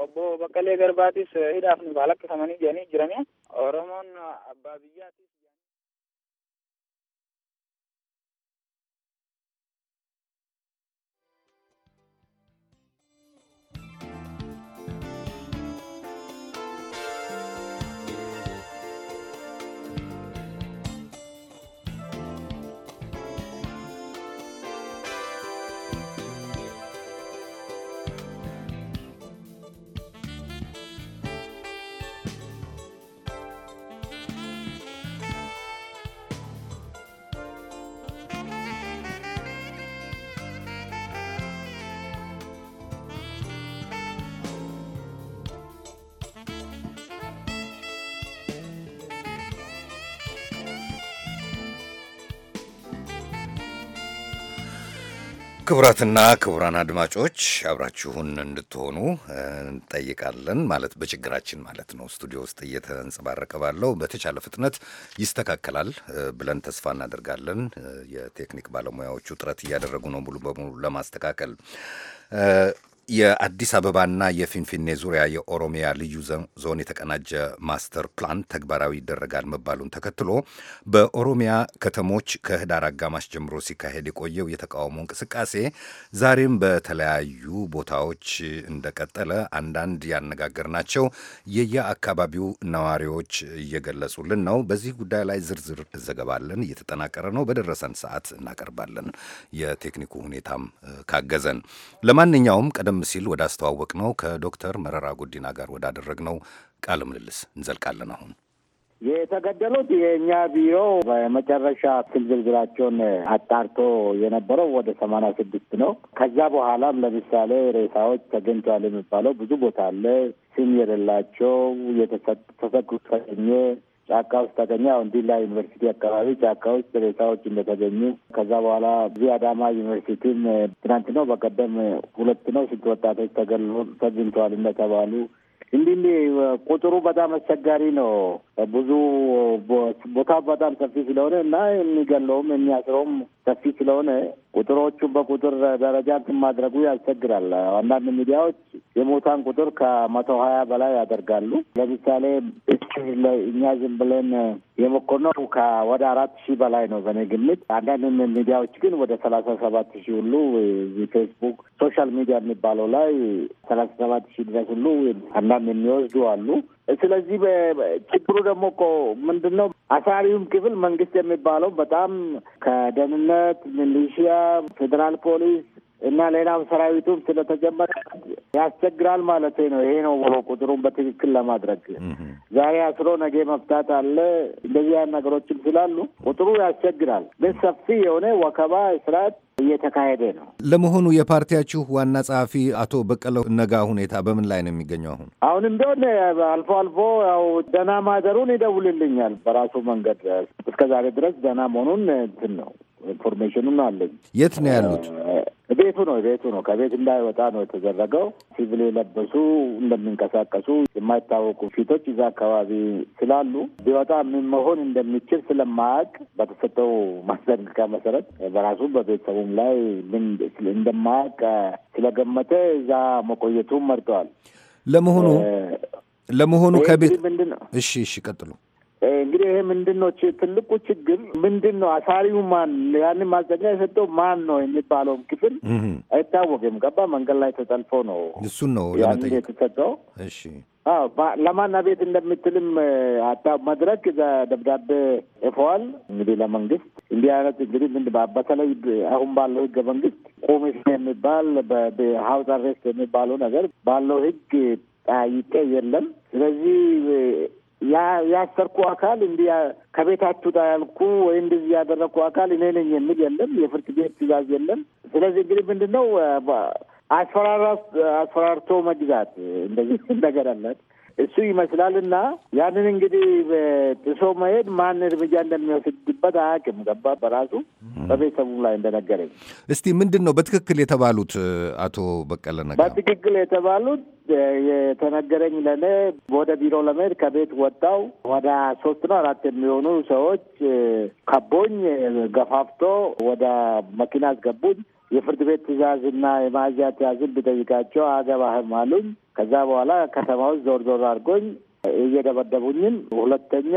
ኦቦ በቀሌ ገርባቲስ ሂዳፍን ባለቅ ተመኒ ጀኒ ጅረሚያ ኦሮሞን ክቡራትና ክቡራን አድማጮች አብራችሁን እንድትሆኑ እንጠይቃለን። ማለት በችግራችን ማለት ነው። ስቱዲዮ ውስጥ እየተንጸባረቀ ባለው በተቻለ ፍጥነት ይስተካከላል ብለን ተስፋ እናደርጋለን። የቴክኒክ ባለሙያዎቹ ጥረት እያደረጉ ነው ሙሉ በሙሉ ለማስተካከል። የአዲስ አበባና የፊንፊኔ ዙሪያ የኦሮሚያ ልዩ ዞን የተቀናጀ ማስተር ፕላን ተግባራዊ ይደረጋል መባሉን ተከትሎ በኦሮሚያ ከተሞች ከህዳር አጋማሽ ጀምሮ ሲካሄድ የቆየው የተቃውሞ እንቅስቃሴ ዛሬም በተለያዩ ቦታዎች እንደቀጠለ አንዳንድ ያነጋገርናቸው የየአካባቢው ነዋሪዎች እየገለጹልን ነው። በዚህ ጉዳይ ላይ ዝርዝር ዘገባለን እየተጠናቀረ ነው። በደረሰን ሰዓት እናቀርባለን። የቴክኒኩ ሁኔታም ካገዘን ለማንኛውም ቀደም ሲል ወዳስተዋወቅ ነው ከዶክተር መረራ ጉዲና ጋር ነው ቃለ ምልልስ እንዘልቃለን። አሁን የተገደሉት የእኛ ቢሮ በመጨረሻ ስም ዝርዝራቸውን አጣርቶ የነበረው ወደ ሰማንያ ስድስት ነው። ከዛ በኋላም ለምሳሌ ሬሳዎች ተገኝቷል የሚባለው ብዙ ቦታ አለ። ስም የሌላቸው የተሰጡ ተሰጡ ጫካ ውስጥ ተገኘ። አሁን ዲላ ዩኒቨርሲቲ አካባቢ ጫካ ውስጥ ሬሳዎች እንደተገኙ ከዛ በኋላ እዚህ አዳማ ዩኒቨርሲቲም ትናንት ነው በቀደም ሁለት ነው ስንት ወጣቶች ተገሎ ተገኝተዋል እንደተባሉ እንዲህ ቁጥሩ በጣም አስቸጋሪ ነው። ብዙ ቦታ በጣም ሰፊ ስለሆነ እና የሚገለውም የሚያስረውም ሰፊ ስለሆነ ቁጥሮቹን በቁጥር ደረጃ እንትን ማድረጉ ያስቸግራል። አንዳንድ ሚዲያዎች የሞታን ቁጥር ከመቶ ሀያ በላይ ያደርጋሉ። ለምሳሌ እኛ ዝም ብለን የሞከርነው ከወደ አራት ሺህ በላይ ነው በእኔ ግምት። አንዳንድ ሚዲያዎች ግን ወደ ሰላሳ ሰባት ሺህ ሁሉ ፌስቡክ፣ ሶሻል ሚዲያ የሚባለው ላይ ሰላሳ ሰባት ሺህ ድረስ ሁሉ አንዳንድ የሚወስዱ አሉ። ስለዚህ ችግሩ ደግሞ እኮ ምንድን ነው? አሳሪውም ክፍል መንግስት የሚባለው በጣም ከደህንነት ሚሊሺያ፣ ፌዴራል ፖሊስ እና ሌላም ሰራዊቱም ስለተጀመረ ያስቸግራል ማለት ነው። ይሄ ነው ብሎ ቁጥሩን በትክክል ለማድረግ ዛሬ አስሮ ነገ መፍታት አለ። እንደዚህ ያ ነገሮችም ስላሉ ቁጥሩ ያስቸግራል። ግን ሰፊ የሆነ ወከባ ስርዓት እየተካሄደ ነው። ለመሆኑ የፓርቲያችሁ ዋና ጸሐፊ አቶ በቀለ ነጋ ሁኔታ በምን ላይ ነው የሚገኘው? አሁን አሁን እንደሆነ አልፎ አልፎ ያው ደህና ማደሩን ይደውልልኛል። በራሱ መንገድ እስከዛሬ ድረስ ደህና መሆኑን እንትን ነው ኢንፎርሜሽኑም አለኝ። የት ነው ያሉት? ቤቱ ነው ቤቱ ነው። ከቤት እንዳይወጣ ነው የተዘረገው። ሲቪል የለበሱ እንደሚንቀሳቀሱ የማይታወቁ ፊቶች እዛ አካባቢ ስላሉ ቢወጣ ምን መሆን እንደሚችል ስለማያውቅ በተሰጠው ማስጠንቀቂያ መሰረት በራሱ በቤተሰቡም ላይ እንደማያውቅ ስለገመተ እዛ መቆየቱ መርጠዋል። ለመሆኑ ለመሆኑ ከቤት እሺ፣ እሺ፣ ቀጥሉ እንግዲህ ይሄ ምንድን ነው ትልቁ ችግር ምንድን ነው? አሳሪው ማን ያንን ማዘጋ የሰጠው ማን ነው የሚባለውም ክፍል አይታወቅም። ገባ መንገድ ላይ ተጠልፎ ነው እሱን ነው የተሰጠው። እሺ ለማን አቤት እንደምትልም አታ መድረክ እዛ ደብዳቤ ጽፈዋል። እንግዲህ ለመንግስት እንዲህ አይነት እንግዲህ ምን በተለይ አሁን ባለው ህገ መንግስት ቁሚስ የሚባል ሀውስ አሬስት የሚባለው ነገር ባለው ህግ ጠይቄ የለም። ስለዚህ ያሰርኩ አካል እንዲህ ከቤት አትውጣ ያልኩ ወይ እንደዚህ ያደረግኩ አካል እኔ ነኝ የሚል የለም። የፍርድ ቤት ትዕዛዝ የለም። ስለዚህ እንግዲህ ምንድን ነው አስፈራራ አስፈራርቶ መግዛት እንደዚህ ነገር አላት። እሱ ይመስላል እና ያንን እንግዲህ ጥሶ መሄድ ማን እርምጃ እንደሚወስድበት አያውቅም። ገባ በራሱ በቤተሰቡ ላይ እንደነገረኝ። እስቲ ምንድን ነው በትክክል የተባሉት አቶ በቀለ ነገር? በትክክል የተባሉት የተነገረኝ ለእኔ ወደ ቢሮ ለመሄድ ከቤት ወጣው ወደ ሶስት ነው አራት የሚሆኑ ሰዎች ከቦኝ ገፋፍቶ ወደ መኪና አስገቡኝ። የፍርድ ቤት ትእዛዝና የማዝያ ትያዝን ብጠይቃቸው አያገባህም አሉኝ። ከዛ በኋላ ከተማ ውስጥ ዞር ዞር አድርጎኝ እየደበደቡኝም ሁለተኛ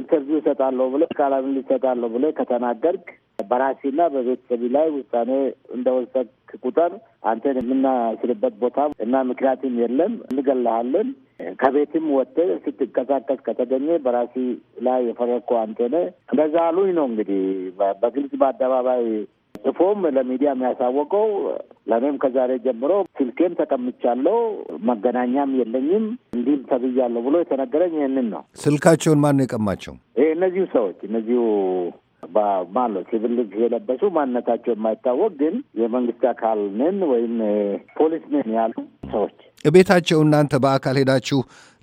ኢንተርቪው ይሰጣለሁ ብለህ ቃለ ምልልስ ይሰጣለሁ ብለህ ከተናገርክ በራሴና በቤተሰቢ ላይ ውሳኔ እንደወሰንክ ቁጥር አንተን የምናስርበት ቦታ እና ምክንያትም የለም፣ እንገላሃለን። ከቤትም ወጥተህ ስትንቀሳቀስ ከተገኘ በራሴ ላይ የፈረኩ አንተ እንደዛ አሉኝ ነው እንግዲህ በግልጽ በአደባባይ ጽፎም ለሚዲያ የሚያሳወቀው ለእኔም ከዛሬ ጀምሮ ስልኬም ተቀምቻለሁ፣ መገናኛም የለኝም፣ እንዲህም ተብያለሁ ብሎ የተነገረኝ ይህንን ነው። ስልካቸውን ማን ነው የቀማቸው? ይሄ እነዚሁ ሰዎች እነዚሁ ማለት ሲቪል ልብስ የለበሱ ማንነታቸው የማይታወቅ ግን የመንግስት አካል ነን ወይም ፖሊስ ነን ያሉ ሰዎች ቤታቸው እናንተ በአካል ሄዳችሁ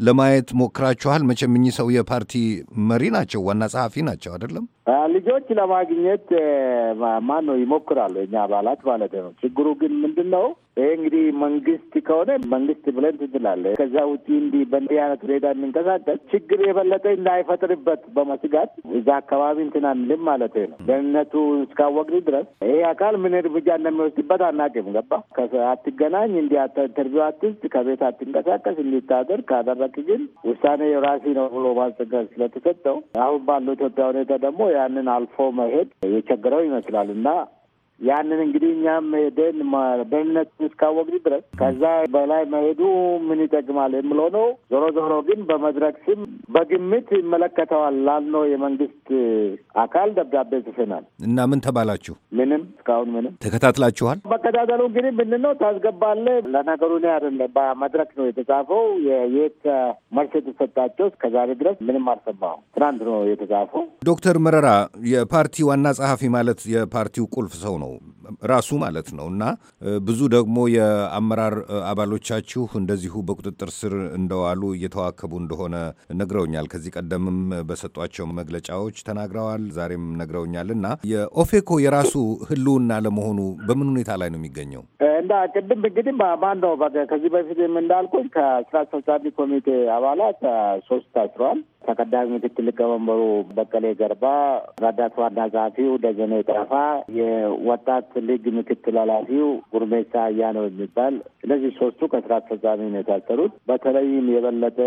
ለማየት ሞክራችኋል? መቼም እኚህ ሰው የፓርቲ መሪ ናቸው፣ ዋና ጸሐፊ ናቸው አይደለም? ልጆች ለማግኘት ማን ነው ይሞክራሉ፣ የኛ አባላት ማለት ነው። ችግሩ ግን ምንድን ነው? ይሄ እንግዲህ መንግስት ከሆነ መንግስት ብለን ትችላለ። ከዛ ውጭ እንዲህ በእንዲህ አይነት ሁኔታ የሚንቀሳቀስ ችግር የበለጠ እንዳይፈጥርበት በመስጋት እዛ አካባቢ እንትን አንልም ማለት ነው። ደህንነቱ እስካወቅን ድረስ ይሄ አካል ምን እርምጃ እንደሚወስድበት አናውቅም። ገባ አትገናኝ፣ እንዲህ ኢንተርቪው አትስጥ ከቤት አትንቀሳቀስ እንዲታደር ካደረክ ግን ውሳኔ የራሲ ነው ብሎ ማስጠንቀቅ ስለተሰጠው አሁን ባለው ኢትዮጵያ ሁኔታ ደግሞ ያንን አልፎ መሄድ የቸገረው ይመስላል እና ያንን እንግዲህ እኛም ሄደን በነት እስካወቅን ድረስ ከዛ በላይ መሄዱ ምን ይጠቅማል የምለው ነው። ዞሮ ዞሮ ግን በመድረክ ስም በግምት ይመለከተዋል ላልነው የመንግስት አካል ደብዳቤ ጽፈናል። እና ምን ተባላችሁ? ምንም እስካሁን ምንም። ተከታትላችኋል? መከታተሉ እንግዲህ ምን ነው ታስገባለ። ለነገሩ ነ አይደለም በመድረክ ነው የተጻፈው። የየት መልስ የተሰጣቸው እስከዛሬ ድረስ ምንም አልሰማሁም። ትናንት ነው የተጻፈው። ዶክተር መረራ የፓርቲ ዋና ጸሐፊ ማለት የፓርቲው ቁልፍ ሰው ነው ነው ራሱ ማለት ነው። እና ብዙ ደግሞ የአመራር አባሎቻችሁ እንደዚሁ በቁጥጥር ስር እንደዋሉ እየተዋከቡ እንደሆነ ነግረውኛል። ከዚህ ቀደምም በሰጧቸው መግለጫዎች ተናግረዋል፣ ዛሬም ነግረውኛል። እና የኦፌኮ የራሱ ህልውና ለመሆኑ በምን ሁኔታ ላይ ነው የሚገኘው? እንዳ ቅድም እንግዲህ ማን ነው ከዚህ በፊትም እንዳልኩኝ ከስራ አስፈጻሚ ኮሚቴ አባላት ሶስት ታስረዋል። ተቀዳሚ ምክትል ሊቀመንበሩ በቀሌ ገርባ፣ ረዳት ዋና ጸሐፊው ደጀኔ ጣፋ የወጣት ሊግ ምክትል ኃላፊው ጉርሜሳ አያ ነው የሚባል እነዚህ ሶስቱ ከስራ አስፈጻሚ ነው የታሰሩት። በተለይም የበለጠ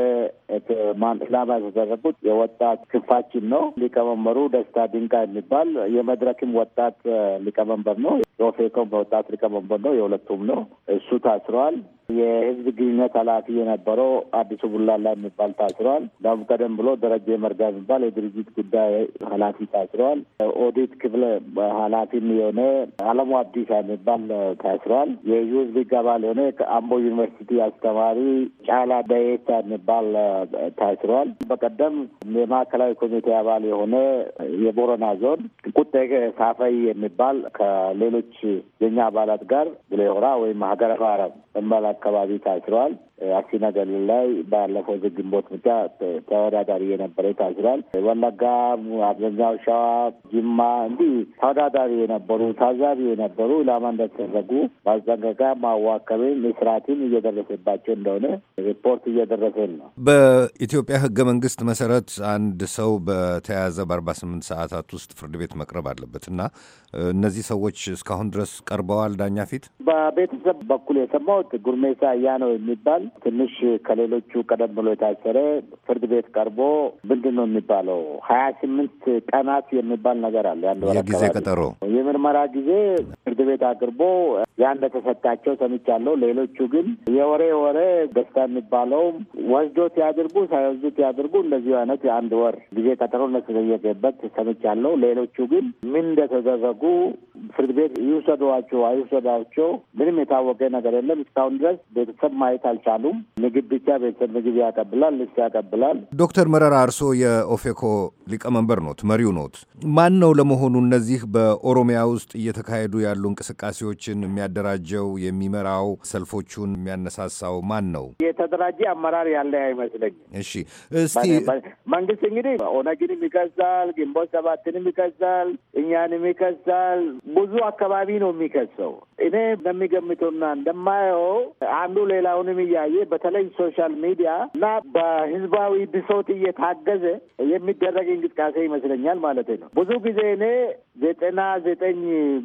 ኢላማ የተደረጉት የወጣት ክንፋችን ነው። ሊቀመንበሩ ደስታ ድንቃ የሚባል የመድረክም ወጣት ሊቀመንበር ነው። የኦፌኮም ወጣት ሊቀመንበር ነው። የሁለቱም ነው። እሱ ታስረዋል። የህዝብ ግንኙነት ኃላፊ የነበረው አዲሱ ቡላላ የሚባል ታስሯል። ዳቡ ቀደም ብሎ ደረጀ መርጋ የሚባል የድርጅት ጉዳይ ኃላፊ ታስሯል። ኦዲት ክፍል ኃላፊም የሆነ አለሙ አዲስ የሚባል ታስሯል። የህዝብ ህግ የሆነ ከአምቦ ዩኒቨርሲቲ አስተማሪ ጫላ በየታ የሚባል ታስሯል። በቀደም የማዕከላዊ ኮሚቴ አባል የሆነ የቦረና ዞን ቁጤ ሳፈይ የሚባል ከሌሎች የኛ አባላት ጋር ብሌሆራ ወይም ሀገረ ባረብ በመል አካባቢ ታስረዋል። አሲና ላይ ባለፈው ግንቦት ብቻ ተወዳዳሪ የነበረ ታስሯል። ወለጋ፣ አብዛኛው ሸዋ፣ ጅማ እንዲህ ተወዳዳሪ የነበሩ ታዛቢ የነበሩ ላማ እንደተደረጉ ማስጠንቀቂያ፣ ማዋከብን፣ እስራትን እየደረሰባቸው እንደሆነ ሪፖርት እየደረሰን ነው። በኢትዮጵያ ህገ መንግስት መሰረት አንድ ሰው በተያያዘ በአርባ ስምንት ሰዓታት ውስጥ ፍርድ ቤት መቅረብ አለበት እና እነዚህ ሰዎች እስካሁን ድረስ ቀርበዋል ዳኛ ፊት። በቤተሰብ በኩል የሰማሁት ጉርሜሳ እያ ነው የሚባል ትንሽ ከሌሎቹ ቀደም ብሎ የታሰረ ፍርድ ቤት ቀርቦ ምንድን ነው የሚባለው ሀያ ስምንት ቀናት የሚባል ነገር አለ። ያንድ ጊዜ ቀጠሮ የምርመራ ጊዜ ፍርድ ቤት አቅርቦ ያ እንደተሰጣቸው ሰምቻለሁ። ሌሎቹ ግን የወሬ ወሬ ደስታ የሚባለው ወስዶት ያድርጉ ሳይወስዱት ያድርጉ እንደዚሁ አይነት የአንድ ወር ጊዜ ቀጠሮ እንደተጠየቀበት ሰምቻለሁ። ሌሎቹ ግን ምን እንደተደረጉ ፍርድ ቤት ይውሰዷቸው አይውሰዷቸው ምንም የታወቀ ነገር የለም። እስካሁን ድረስ ቤተሰብ ማየት አልቻሉም። ምግብ ብቻ ቤተሰብ ምግብ ያቀብላል፣ ልብስ ያቀብላል። ዶክተር መረራ አርሶ የኦፌኮ ሊቀመንበር ኖት፣ መሪው ኖት። ማን ነው ለመሆኑ እነዚህ በኦሮሚያ ውስጥ እየተካሄዱ ያሉ እንቅስቃሴዎችን የሚያደራጀው የሚመራው፣ ሰልፎቹን የሚያነሳሳው ማን ነው? የተደራጀ አመራር ያለ አይመስለኝም። እሺ እስቲ መንግስት እንግዲህ ኦነግንም ይከሳል፣ ግንቦት ሰባትንም ይከሳል፣ እኛንም ይከሳል። ብዙ አካባቢ ነው የሚከሰው። እኔ እንደሚገምተውና እንደማየው አንዱ ሌላውንም እያየ በተለይ ሶሻል ሚዲያ እና በህዝባዊ ብሶት እየታገዘ የሚደረግ እንቅስቃሴ ይመስለኛል ማለት ነው። ብዙ ጊዜ እኔ ዘጠና ዘጠኝ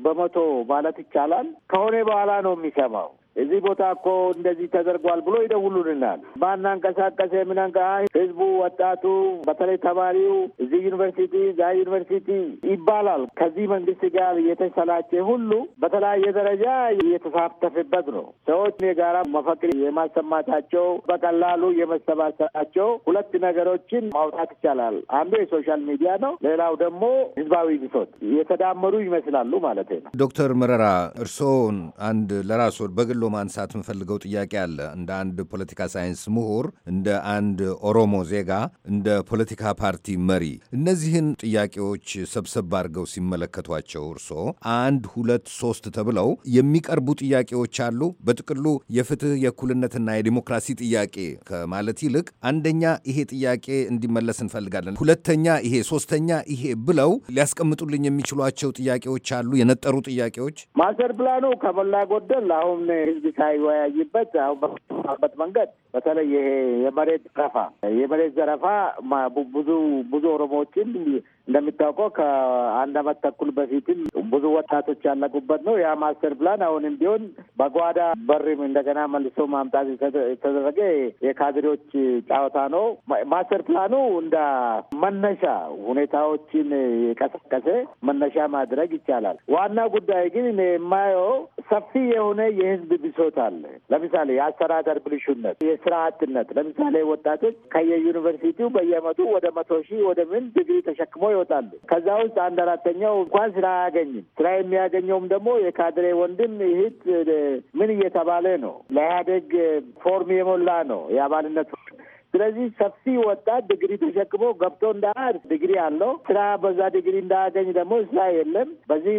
በመቶ ማለት ይቻላል ከሆነ በኋላ ነው የሚሰማው እዚህ ቦታ እኮ እንደዚህ ተደርጓል ብሎ ይደውሉልናል። ማን አንቀሳቀሰ? ምን አንቀ ህዝቡ፣ ወጣቱ፣ በተለይ ተማሪው እዚህ ዩኒቨርሲቲ፣ ዛ ዩኒቨርሲቲ ይባላል። ከዚህ መንግስት ጋር የተሰላቸ ሁሉ በተለያየ ደረጃ እየተሳተፍበት ነው። ሰዎች የጋራ መፈክር የማሰማታቸው በቀላሉ የመሰባሰባቸው ሁለት ነገሮችን ማውጣት ይቻላል። አንዱ የሶሻል ሚዲያ ነው፣ ሌላው ደግሞ ህዝባዊ ብሶት። የተዳመሩ ይመስላሉ ማለት ነው። ዶክተር መረራ እርስዎን አንድ ለራስዎን በግሎ ብሎ ማንሳት የምፈልገው ጥያቄ አለ። እንደ አንድ ፖለቲካ ሳይንስ ምሁር፣ እንደ አንድ ኦሮሞ ዜጋ፣ እንደ ፖለቲካ ፓርቲ መሪ እነዚህን ጥያቄዎች ሰብሰብ አድርገው ሲመለከቷቸው እርስዎ አንድ ሁለት ሶስት ተብለው የሚቀርቡ ጥያቄዎች አሉ። በጥቅሉ የፍትህ የእኩልነትና የዲሞክራሲ ጥያቄ ከማለት ይልቅ አንደኛ ይሄ ጥያቄ እንዲመለስ እንፈልጋለን፣ ሁለተኛ ይሄ፣ ሶስተኛ ይሄ ብለው ሊያስቀምጡልኝ የሚችሏቸው ጥያቄዎች አሉ። የነጠሩ ጥያቄዎች ማስተር ፕላኑ ከሞላ ጎደል አሁን ህዝብ ሳይወያይበት አሁን መንገድ በተለይ ይሄ የመሬት ዘረፋ የመሬት ዘረፋ ብዙ ብዙ ኦሮሞዎችን እንደሚታወቀው ከአንድ አመት ተኩል በፊትም ብዙ ወጣቶች ያለቁበት ነው። ያ ማስተር ፕላን አሁንም ቢሆን በጓዳ በሪም እንደገና መልሶ ማምጣት የተደረገ የካድሬዎች ጨዋታ ነው። ማስተር ፕላኑ እንደ መነሻ ሁኔታዎችን የቀሰቀሰ መነሻ ማድረግ ይቻላል። ዋና ጉዳይ ግን እኔ የማየው ሰፊ የሆነ የህዝብ ብሶት አለ። ለምሳሌ የአስተዳደር ብልሹነት፣ የስርዓትነት። ለምሳሌ ወጣቶች ከየዩኒቨርሲቲው በየመቱ ወደ መቶ ሺህ ወደ ምን ዲግሪ ተሸክሞ ይወጣሉ። ከዛ ውስጥ አንድ አራተኛው እንኳን ስራ አያገኝም። ስራ የሚያገኘውም ደግሞ የካድሬ ወንድም እህት ምን እየተባለ ነው። ለኢህአዴግ ፎርም የሞላ ነው የአባልነት ስለዚህ ሰፊ ወጣት ዲግሪ ተሸክሞ ገብቶ እንዳያድ ዲግሪ አለው ስራ በዛ ዲግሪ እንዳያገኝ ደግሞ ስራ የለም። በዚህ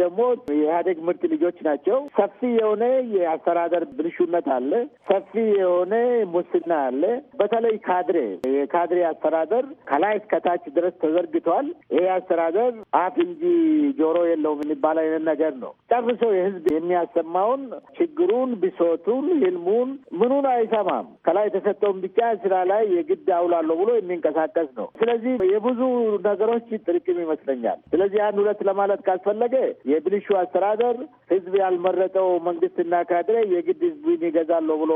ደግሞ የኢህአዴግ ምርጥ ልጆች ናቸው። ሰፊ የሆነ የአስተዳደር ብልሹነት አለ። ሰፊ የሆነ ሙስና አለ። በተለይ ካድሬ የካድሬ አስተዳደር ከላይ እስከታች ድረስ ተዘርግቷል። ይሄ አስተዳደር አፍ እንጂ ጆሮ የለውም የሚባል አይነት ነገር ነው። ጨርሶ የህዝብ የሚያሰማውን ችግሩን፣ ብሶቱን፣ ህልሙን ምኑን አይሰማም። ከላይ የተሰጠውን ብቻ ስራ ላይ የግድ አውላለሁ ብሎ የሚንቀሳቀስ ነው። ስለዚህ የብዙ ነገሮች ጥርቅም ይመስለኛል። ስለዚህ አንድ ሁለት ለማለት ካስፈለገ የብልሹ አስተዳደር ህዝብ ያልመረጠው መንግስትና ካድሬ የግድ ህዝብን ይገዛለሁ ብሎ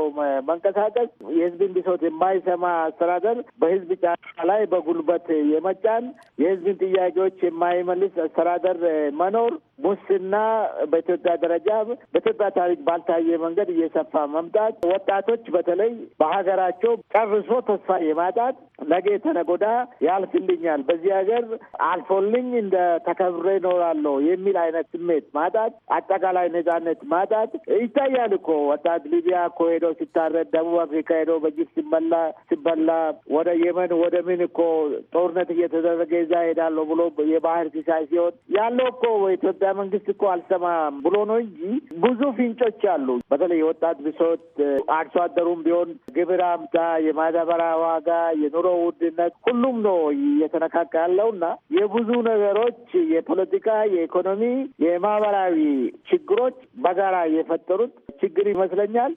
መንቀሳቀስ፣ የህዝብን ብሶት የማይሰማ አስተዳደር በህዝብ ጫና ላይ በጉልበት የመጫን የህዝብን ጥያቄዎች የማይመልስ አስተዳደር መኖር ሙስና በኢትዮጵያ ደረጃ በኢትዮጵያ ታሪክ ባልታየ መንገድ እየሰፋ መምጣት፣ ወጣቶች በተለይ በሀገራቸው ጨርሶ ተስፋ የማጣት ነገ የተነጎዳ ያልፍልኛል፣ በዚህ ሀገር አልፎልኝ እንደ ተከብሬ እኖራለሁ የሚል አይነት ስሜት ማጣት፣ አጠቃላይ ነጻነት ማጣት ይታያል እኮ ወጣት ሊቢያ እኮ ሄዶ ሲታረድ፣ ደቡብ አፍሪካ ሄዶ በጅብ ሲበላ ሲበላ፣ ወደ የመን ወደ ምን እኮ ጦርነት እየተደረገ ይዛ ሄዳለሁ ብሎ የባህር ሲሳይ ሲሆን ያለው እኮ ኢትዮጵያ መንግስት እኮ አልሰማም ብሎ ነው እንጂ ብዙ ፍንጮች አሉ። በተለይ የወጣት ብሶት፣ አርሶ አደሩም ቢሆን ግብር አምጣ፣ የማዳበሪያ ዋጋ፣ የኑሮ ውድነት ሁሉም ነው እየተነካካ ያለው እና የብዙ ነገሮች የፖለቲካ፣ የኢኮኖሚ፣ የማህበራዊ ችግሮች በጋራ የፈጠሩት ችግር ይመስለኛል።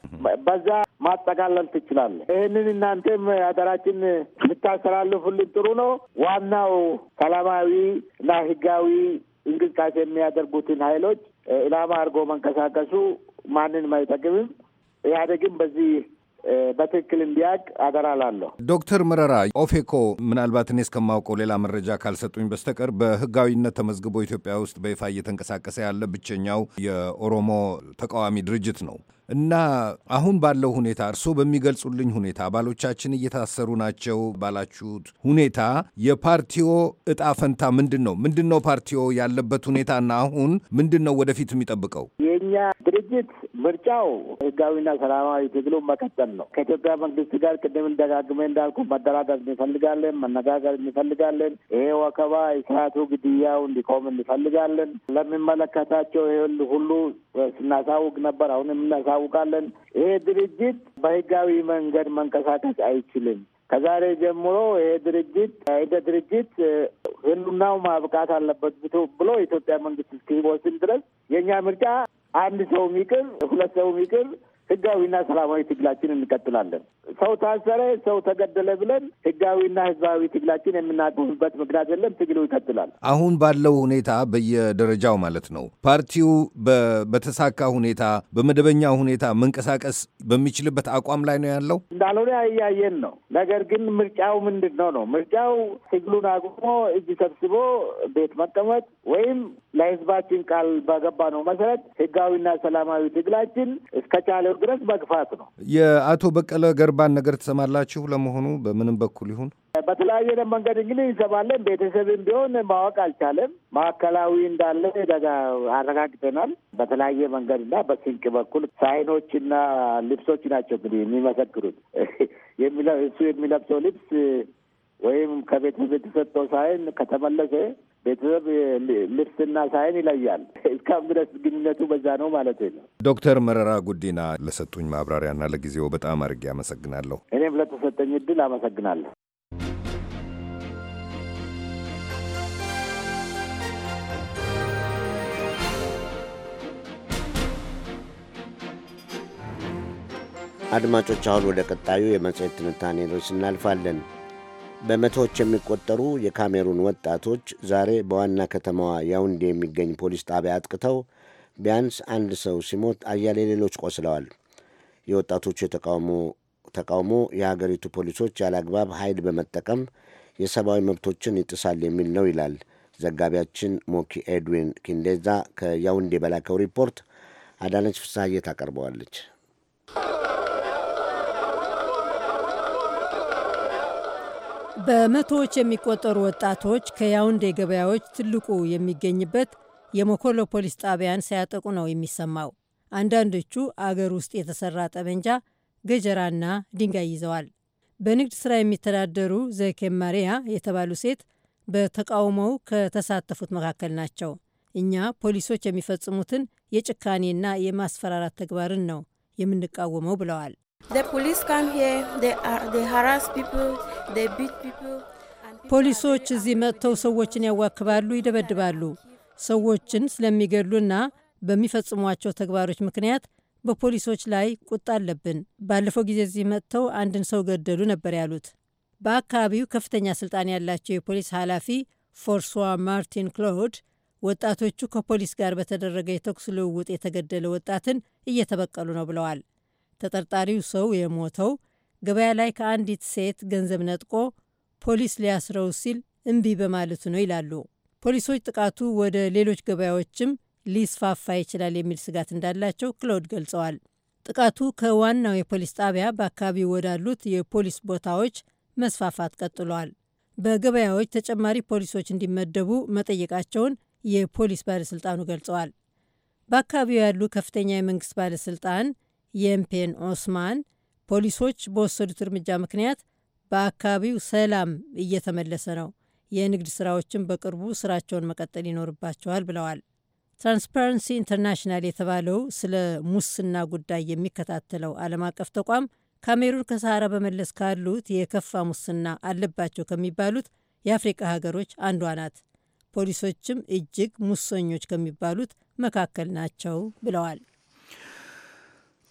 በዛ ማጠቃለል ትችላለህ። ይህንን እናንተም ሀገራችን ልታስተላልፉልን ጥሩ ነው። ዋናው ሰላማዊ እና ህጋዊ እንቅስቃሴ የሚያደርጉትን ኃይሎች ኢላማ አድርጎ መንቀሳቀሱ ማንንም አይጠቅምም። ኢህአዴግም በዚህ በትክክል እንዲያቅ አደራ ዶክተር መረራ ኦፌኮ ምናልባት እኔ እስከማውቀው ሌላ መረጃ ካልሰጡኝ በስተቀር በህጋዊነት ተመዝግቦ ኢትዮጵያ ውስጥ በይፋ እየተንቀሳቀሰ ያለ ብቸኛው የኦሮሞ ተቃዋሚ ድርጅት ነው። እና አሁን ባለው ሁኔታ እርስዎ በሚገልጹልኝ ሁኔታ አባሎቻችን እየታሰሩ ናቸው ባላችሁት ሁኔታ የፓርቲዎ እጣ ፈንታ ምንድን ነው? ምንድን ነው ፓርቲዎ ያለበት ሁኔታና አሁን ምንድን ነው ወደፊት የሚጠብቀው? የእኛ ድርጅት ምርጫው ህጋዊና ሰላማዊ ትግሉ መቀጠል ነው። ከኢትዮጵያ መንግስት ጋር ቅድም ደጋግሜ እንዳልኩ መደራደር እንፈልጋለን፣ መነጋገር እንፈልጋለን። ይሄ ወከባ፣ የስርዓቱ ግድያው እንዲቆም እንፈልጋለን። ለሚመለከታቸው ይህ ሁሉ ስናሳውቅ ነበር። አሁን የምናሳ እናሳውቃለን። ይሄ ድርጅት በህጋዊ መንገድ መንቀሳቀስ አይችልም። ከዛሬ ጀምሮ ይሄ ድርጅት እንደ ድርጅት ህሉናው ማብቃት አለበት ብሎ የኢትዮጵያ መንግስት እስኪወስን ድረስ የእኛ ምርጫ አንድ ሰው ይቅር ሁለት ሰው ይቅር ህጋዊና ሰላማዊ ትግላችን እንቀጥላለን። ሰው ታሰረ፣ ሰው ተገደለ ብለን ህጋዊና ህዝባዊ ትግላችን የምናቆምበት ምክንያት የለም። ትግሉ ይቀጥላል። አሁን ባለው ሁኔታ በየደረጃው ማለት ነው ፓርቲው በተሳካ ሁኔታ በመደበኛ ሁኔታ መንቀሳቀስ በሚችልበት አቋም ላይ ነው ያለው። እንዳልሆነ እያየን ነው። ነገር ግን ምርጫው ምንድን ነው ነው? ምርጫው ትግሉን አቁሞ እጅ ሰብስቦ ቤት መቀመጥ ወይም ለህዝባችን ቃል በገባ ነው መሰረት ህጋዊና ሰላማዊ ትግላችን እስከቻለ እስከሚኖር ድረስ መግፋት ነው። የአቶ በቀለ ገርባን ነገር ትሰማላችሁ ለመሆኑ በምንም በኩል ይሁን? በተለያየ መንገድ እንግዲህ እንሰማለን። ቤተሰብም ቢሆን ማወቅ አልቻለም። ማዕከላዊ እንዳለ አረጋግጠናል። በተለያየ መንገድ እና በስንቅ በኩል ሳይኖችና ልብሶች ናቸው እንግዲህ የሚመሰክሩት። እሱ የሚለብሰው ልብስ ወይም ከቤተሰብ የተሰጠው ሳህን ከተመለሰ ቤተሰብ ልብስና ሳህን ይለያል። እስካሁን ድረስ ግንኙነቱ በዛ ነው ማለት ነው። ዶክተር መረራ ጉዲና ለሰጡኝ ማብራሪያና ለጊዜው በጣም አድርጌ አመሰግናለሁ። እኔም ለተሰጠኝ እድል አመሰግናለሁ። አድማጮች አሁን ወደ ቀጣዩ የመጽሔት ትንታኔ ርዕስ እናልፋለን። በመቶዎች የሚቆጠሩ የካሜሩን ወጣቶች ዛሬ በዋና ከተማዋ ያውንዴ የሚገኝ ፖሊስ ጣቢያ አጥቅተው ቢያንስ አንድ ሰው ሲሞት አያሌ ሌሎች ቆስለዋል። የወጣቶቹ ተቃውሞ የሀገሪቱ ፖሊሶች ያለአግባብ ኃይል በመጠቀም የሰብአዊ መብቶችን ይጥሳል የሚል ነው ይላል ዘጋቢያችን ሞኪ ኤድዊን ኪንዴዛ ከያውንዴ በላከው ሪፖርት አዳነች ፍስሐዬ አቀርበዋለች? በመቶዎች የሚቆጠሩ ወጣቶች ከያውንዴ ገበያዎች ትልቁ የሚገኝበት የሞኮሎ ፖሊስ ጣቢያን ሲያጠቁ ነው የሚሰማው። አንዳንዶቹ አገር ውስጥ የተሰራ ጠመንጃ፣ ገጀራና ድንጋይ ይዘዋል። በንግድ ሥራ የሚተዳደሩ ዘኬ ማሪያ የተባሉ ሴት በተቃውሞው ከተሳተፉት መካከል ናቸው። እኛ ፖሊሶች የሚፈጽሙትን የጭካኔና የማስፈራራት ተግባርን ነው የምንቃወመው ብለዋል። ፖሊሶች እዚህ መጥተው ሰዎችን ያዋክባሉ፣ ይደበድባሉ። ሰዎችን ስለሚገድሉና በሚፈጽሟቸው ተግባሮች ምክንያት በፖሊሶች ላይ ቁጣ አለብን። ባለፈው ጊዜ እዚህ መጥተው አንድን ሰው ገደሉ ነበር ያሉት። በአካባቢው ከፍተኛ ስልጣን ያላቸው የፖሊስ ኃላፊ ፎርሷ ማርቲን ክሎድ ወጣቶቹ ከፖሊስ ጋር በተደረገ የተኩስ ልውውጥ የተገደለ ወጣትን እየተበቀሉ ነው ብለዋል። ተጠርጣሪው ሰው የሞተው ገበያ ላይ ከአንዲት ሴት ገንዘብ ነጥቆ ፖሊስ ሊያስረው ሲል እምቢ በማለቱ ነው ይላሉ። ፖሊሶች ጥቃቱ ወደ ሌሎች ገበያዎችም ሊስፋፋ ይችላል የሚል ስጋት እንዳላቸው ክሎድ ገልጸዋል። ጥቃቱ ከዋናው የፖሊስ ጣቢያ በአካባቢው ወዳሉት የፖሊስ ቦታዎች መስፋፋት ቀጥሏል። በገበያዎች ተጨማሪ ፖሊሶች እንዲመደቡ መጠየቃቸውን የፖሊስ ባለሥልጣኑ ገልጸዋል። በአካባቢው ያሉ ከፍተኛ የመንግሥት ባለሥልጣን የምፔን ኦስማን ፖሊሶች በወሰዱት እርምጃ ምክንያት በአካባቢው ሰላም እየተመለሰ ነው፣ የንግድ ስራዎችም በቅርቡ ስራቸውን መቀጠል ይኖርባቸዋል ብለዋል። ትራንስፓረንሲ ኢንተርናሽናል የተባለው ስለ ሙስና ጉዳይ የሚከታተለው ዓለም አቀፍ ተቋም ካሜሩን ከሰሃራ በመለስ ካሉት የከፋ ሙስና አለባቸው ከሚባሉት የአፍሪቃ ሀገሮች አንዷ ናት። ፖሊሶችም እጅግ ሙሰኞች ከሚባሉት መካከል ናቸው ብለዋል።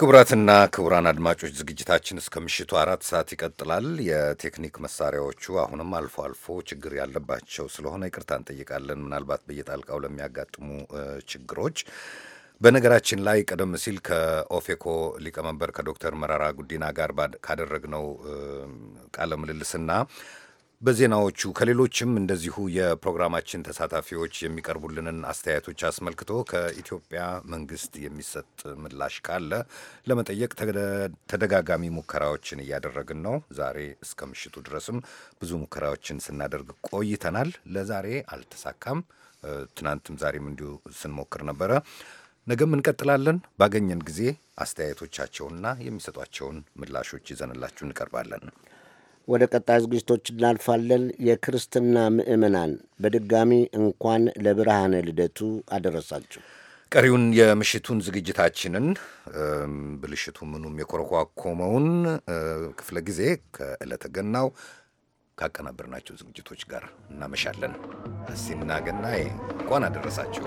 ክቡራትና ክቡራን አድማጮች ዝግጅታችን እስከ ምሽቱ አራት ሰዓት ይቀጥላል። የቴክኒክ መሳሪያዎቹ አሁንም አልፎ አልፎ ችግር ያለባቸው ስለሆነ ይቅርታ እንጠይቃለን፣ ምናልባት በየጣልቃው ለሚያጋጥሙ ችግሮች። በነገራችን ላይ ቀደም ሲል ከኦፌኮ ሊቀመንበር ከዶክተር መራራ ጉዲና ጋር ካደረግነው ቃለ ምልልስና በዜናዎቹ ከሌሎችም እንደዚሁ የፕሮግራማችን ተሳታፊዎች የሚቀርቡልንን አስተያየቶች አስመልክቶ ከኢትዮጵያ መንግስት የሚሰጥ ምላሽ ካለ ለመጠየቅ ተደጋጋሚ ሙከራዎችን እያደረግን ነው። ዛሬ እስከ ምሽቱ ድረስም ብዙ ሙከራዎችን ስናደርግ ቆይተናል። ለዛሬ አልተሳካም። ትናንትም ዛሬም እንዲሁ ስንሞክር ነበረ። ነገም እንቀጥላለን። ባገኘን ጊዜ አስተያየቶቻቸውንና የሚሰጧቸውን ምላሾች ይዘንላችሁ እንቀርባለን። ወደ ቀጣይ ዝግጅቶች እናልፋለን። የክርስትና ምእመናን በድጋሚ እንኳን ለብርሃነ ልደቱ አደረሳችሁ። ቀሪውን የምሽቱን ዝግጅታችንን ብልሽቱ ምኑም የኮረኳኮመውን ክፍለ ጊዜ ከዕለተ ገናው ካቀናበርናቸው ዝግጅቶች ጋር እናመሻለን። አሲና ገናይ እንኳን አደረሳችሁ።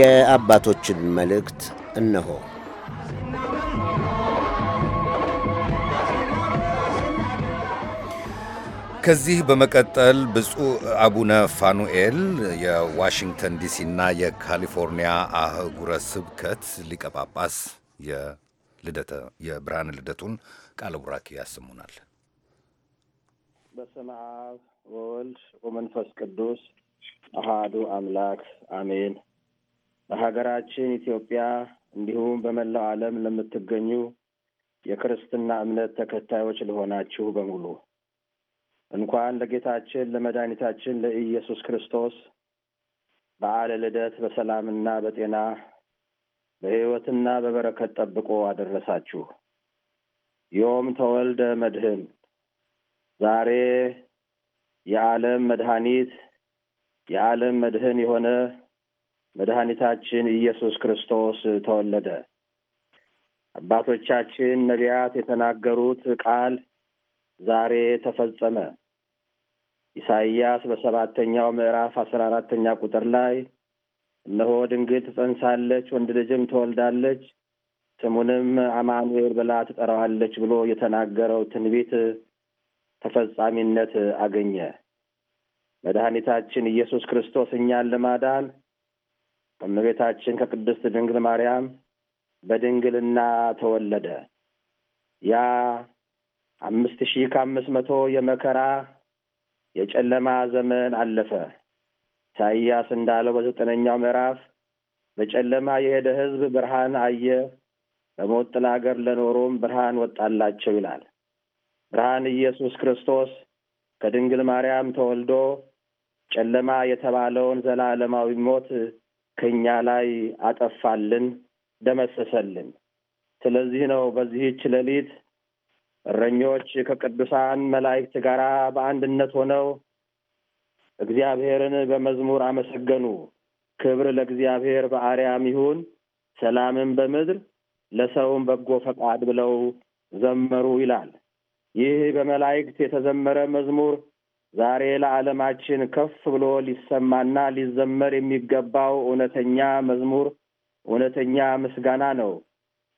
የአባቶችን መልእክት እነሆ። ከዚህ በመቀጠል ብፁዕ አቡነ ፋኑኤል የዋሽንግተን ዲሲና የካሊፎርኒያ አህጉረ ስብከት ሊቀ ጳጳስ የልደተ የብርሃን ልደቱን ቃለ ቡራኪ ያሰሙናል። በስመ አብ ወወልድ ወመንፈስ ቅዱስ አሃዱ አምላክ አሜን። በሀገራችን ኢትዮጵያ እንዲሁም በመላው ዓለም ለምትገኙ የክርስትና እምነት ተከታዮች ለሆናችሁ በሙሉ እንኳን ለጌታችን ለመድኃኒታችን ለኢየሱስ ክርስቶስ በዓለ ልደት በሰላምና በጤና በሕይወትና በበረከት ጠብቆ አደረሳችሁ። ዮም ተወልደ መድህን ዛሬ የዓለም መድኃኒት የዓለም መድህን የሆነ መድኃኒታችን ኢየሱስ ክርስቶስ ተወለደ። አባቶቻችን ነቢያት የተናገሩት ቃል ዛሬ ተፈጸመ። ኢሳይያስ በሰባተኛው ምዕራፍ አስራ አራተኛ ቁጥር ላይ እነሆ ድንግል ትጸንሳለች፣ ወንድ ልጅም ትወልዳለች፣ ስሙንም አማኑኤል ብላ ትጠራዋለች ብሎ የተናገረው ትንቢት ተፈጻሚነት አገኘ። መድኃኒታችን ኢየሱስ ክርስቶስ እኛን ለማዳን ከእመቤታችን ከቅድስት ድንግል ማርያም በድንግልና ተወለደ። ያ አምስት ሺህ ከአምስት መቶ የመከራ የጨለማ ዘመን አለፈ። ኢሳይያስ እንዳለው በዘጠነኛው ምዕራፍ በጨለማ የሄደ ሕዝብ ብርሃን አየ፣ በሞት ጥላ አገር ለኖሩም ብርሃን ወጣላቸው ይላል። ብርሃን ኢየሱስ ክርስቶስ ከድንግል ማርያም ተወልዶ ጨለማ የተባለውን ዘላለማዊ ሞት ከእኛ ላይ አጠፋልን፣ ደመሰሰልን። ስለዚህ ነው በዚህች ሌሊት እረኞች ከቅዱሳን መላእክት ጋር በአንድነት ሆነው እግዚአብሔርን በመዝሙር አመሰገኑ። ክብር ለእግዚአብሔር በአርያም ይሁን፣ ሰላምን በምድር ለሰውም በጎ ፈቃድ ብለው ዘመሩ ይላል። ይህ በመላእክት የተዘመረ መዝሙር ዛሬ ለዓለማችን ከፍ ብሎ ሊሰማና ሊዘመር የሚገባው እውነተኛ መዝሙር፣ እውነተኛ ምስጋና ነው።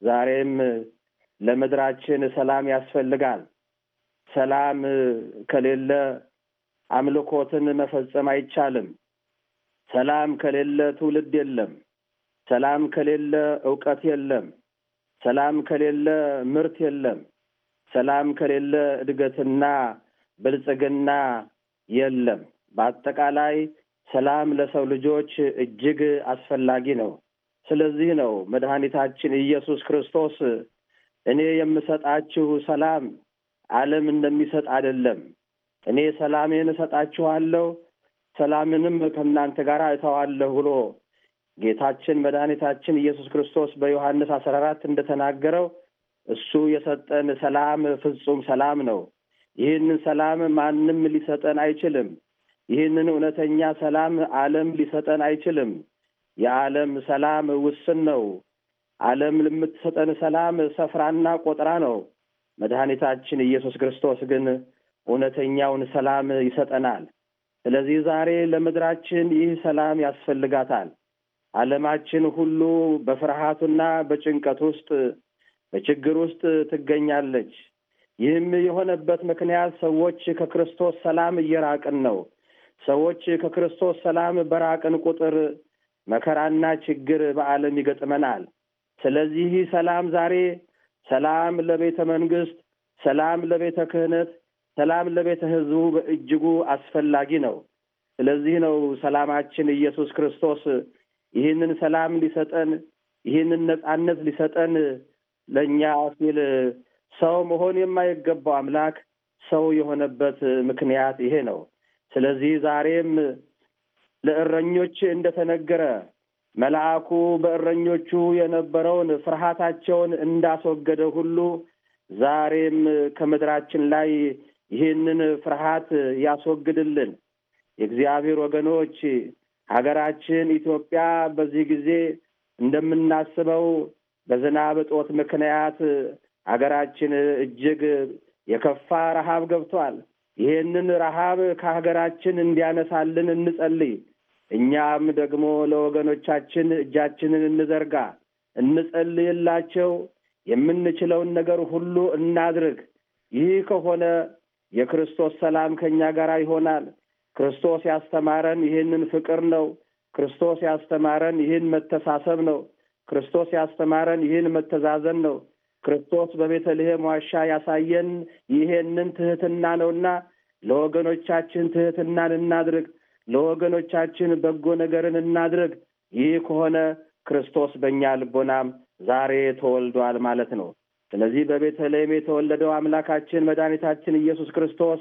ዛሬም ለምድራችን ሰላም ያስፈልጋል። ሰላም ከሌለ አምልኮትን መፈጸም አይቻልም። ሰላም ከሌለ ትውልድ የለም። ሰላም ከሌለ እውቀት የለም። ሰላም ከሌለ ምርት የለም። ሰላም ከሌለ እድገትና ብልጽግና የለም። በአጠቃላይ ሰላም ለሰው ልጆች እጅግ አስፈላጊ ነው። ስለዚህ ነው መድኃኒታችን ኢየሱስ ክርስቶስ እኔ የምሰጣችሁ ሰላም ዓለም እንደሚሰጥ አይደለም፣ እኔ ሰላሜን እሰጣችኋለሁ፣ ሰላምንም ከእናንተ ጋር እተዋለሁ ብሎ ጌታችን መድኃኒታችን ኢየሱስ ክርስቶስ በዮሐንስ አስራ አራት እንደተናገረው እሱ የሰጠን ሰላም ፍጹም ሰላም ነው። ይህንን ሰላም ማንም ሊሰጠን አይችልም። ይህንን እውነተኛ ሰላም ዓለም ሊሰጠን አይችልም። የዓለም ሰላም ውስን ነው። ዓለም ለምትሰጠን ሰላም ሰፍራና ቆጥራ ነው። መድኃኒታችን ኢየሱስ ክርስቶስ ግን እውነተኛውን ሰላም ይሰጠናል። ስለዚህ ዛሬ ለምድራችን ይህ ሰላም ያስፈልጋታል። ዓለማችን ሁሉ በፍርሃቱና በጭንቀት ውስጥ በችግር ውስጥ ትገኛለች። ይህም የሆነበት ምክንያት ሰዎች ከክርስቶስ ሰላም እየራቅን ነው። ሰዎች ከክርስቶስ ሰላም በራቅን ቁጥር መከራና ችግር በዓለም ይገጥመናል። ስለዚህ ሰላም ዛሬ ሰላም ለቤተ መንግስት፣ ሰላም ለቤተ ክህነት፣ ሰላም ለቤተ ህዝቡ በእጅጉ አስፈላጊ ነው። ስለዚህ ነው ሰላማችን ኢየሱስ ክርስቶስ ይህንን ሰላም ሊሰጠን ይህንን ነፃነት ሊሰጠን ለእኛ ሲል ሰው መሆን የማይገባው አምላክ ሰው የሆነበት ምክንያት ይሄ ነው። ስለዚህ ዛሬም ለእረኞች እንደተነገረ መልአኩ በእረኞቹ የነበረውን ፍርሃታቸውን እንዳስወገደ ሁሉ ዛሬም ከምድራችን ላይ ይህንን ፍርሃት ያስወግድልን። የእግዚአብሔር ወገኖች ሀገራችን ኢትዮጵያ በዚህ ጊዜ እንደምናስበው በዝናብ እጦት ምክንያት ሀገራችን እጅግ የከፋ ረሃብ ገብቷል። ይህንን ረሃብ ከሀገራችን እንዲያነሳልን እንጸልይ። እኛም ደግሞ ለወገኖቻችን እጃችንን እንዘርጋ፣ እንጸልይላቸው። የምንችለውን ነገር ሁሉ እናድርግ። ይህ ከሆነ የክርስቶስ ሰላም ከእኛ ጋር ይሆናል። ክርስቶስ ያስተማረን ይህንን ፍቅር ነው። ክርስቶስ ያስተማረን ይህን መተሳሰብ ነው። ክርስቶስ ያስተማረን ይህን መተዛዘን ነው። ክርስቶስ በቤተልሔም ዋሻ ያሳየን ይሄንን ትህትና ነውና ለወገኖቻችን ትህትናን እናድርግ፣ ለወገኖቻችን በጎ ነገርን እናድርግ። ይህ ከሆነ ክርስቶስ በእኛ ልቦናም ዛሬ ተወልዷል ማለት ነው። ስለዚህ በቤተልሔም የተወለደው አምላካችን መድኃኒታችን ኢየሱስ ክርስቶስ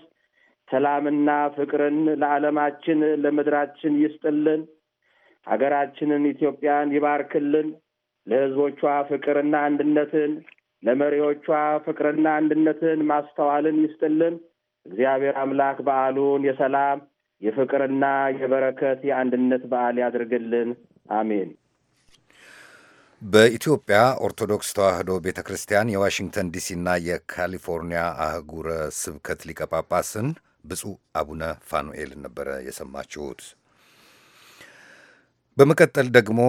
ሰላምና ፍቅርን ለዓለማችን ለምድራችን ይስጥልን። ሀገራችንን ኢትዮጵያን ይባርክልን። ለሕዝቦቿ ፍቅርና አንድነትን ለመሪዎቿ ፍቅርና አንድነትን ማስተዋልን ይስጥልን። እግዚአብሔር አምላክ በዓሉን የሰላም የፍቅርና የበረከት የአንድነት በዓል ያድርግልን። አሜን። በኢትዮጵያ ኦርቶዶክስ ተዋሕዶ ቤተ ክርስቲያን የዋሽንግተን ዲሲና የካሊፎርኒያ አህጉረ ስብከት ሊቀ ጳጳስን ብፁዕ አቡነ ፋኑኤል ነበረ የሰማችሁት። በመቀጠል ደግሞ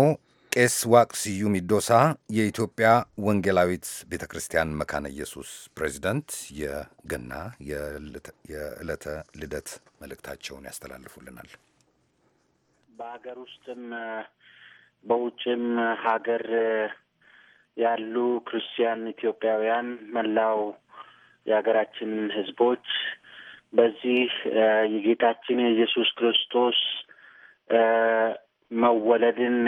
ቄስ ዋቅስዩም ኢዶሳ የኢትዮጵያ ወንጌላዊት ቤተ ክርስቲያን መካነ ኢየሱስ ፕሬዚደንት የገና የዕለተ ልደት መልእክታቸውን ያስተላልፉልናል። በሀገር ውስጥም በውጭም ሀገር ያሉ ክርስቲያን ኢትዮጵያውያን መላው የሀገራችን ህዝቦች በዚህ የጌታችን የኢየሱስ ክርስቶስ መወለድን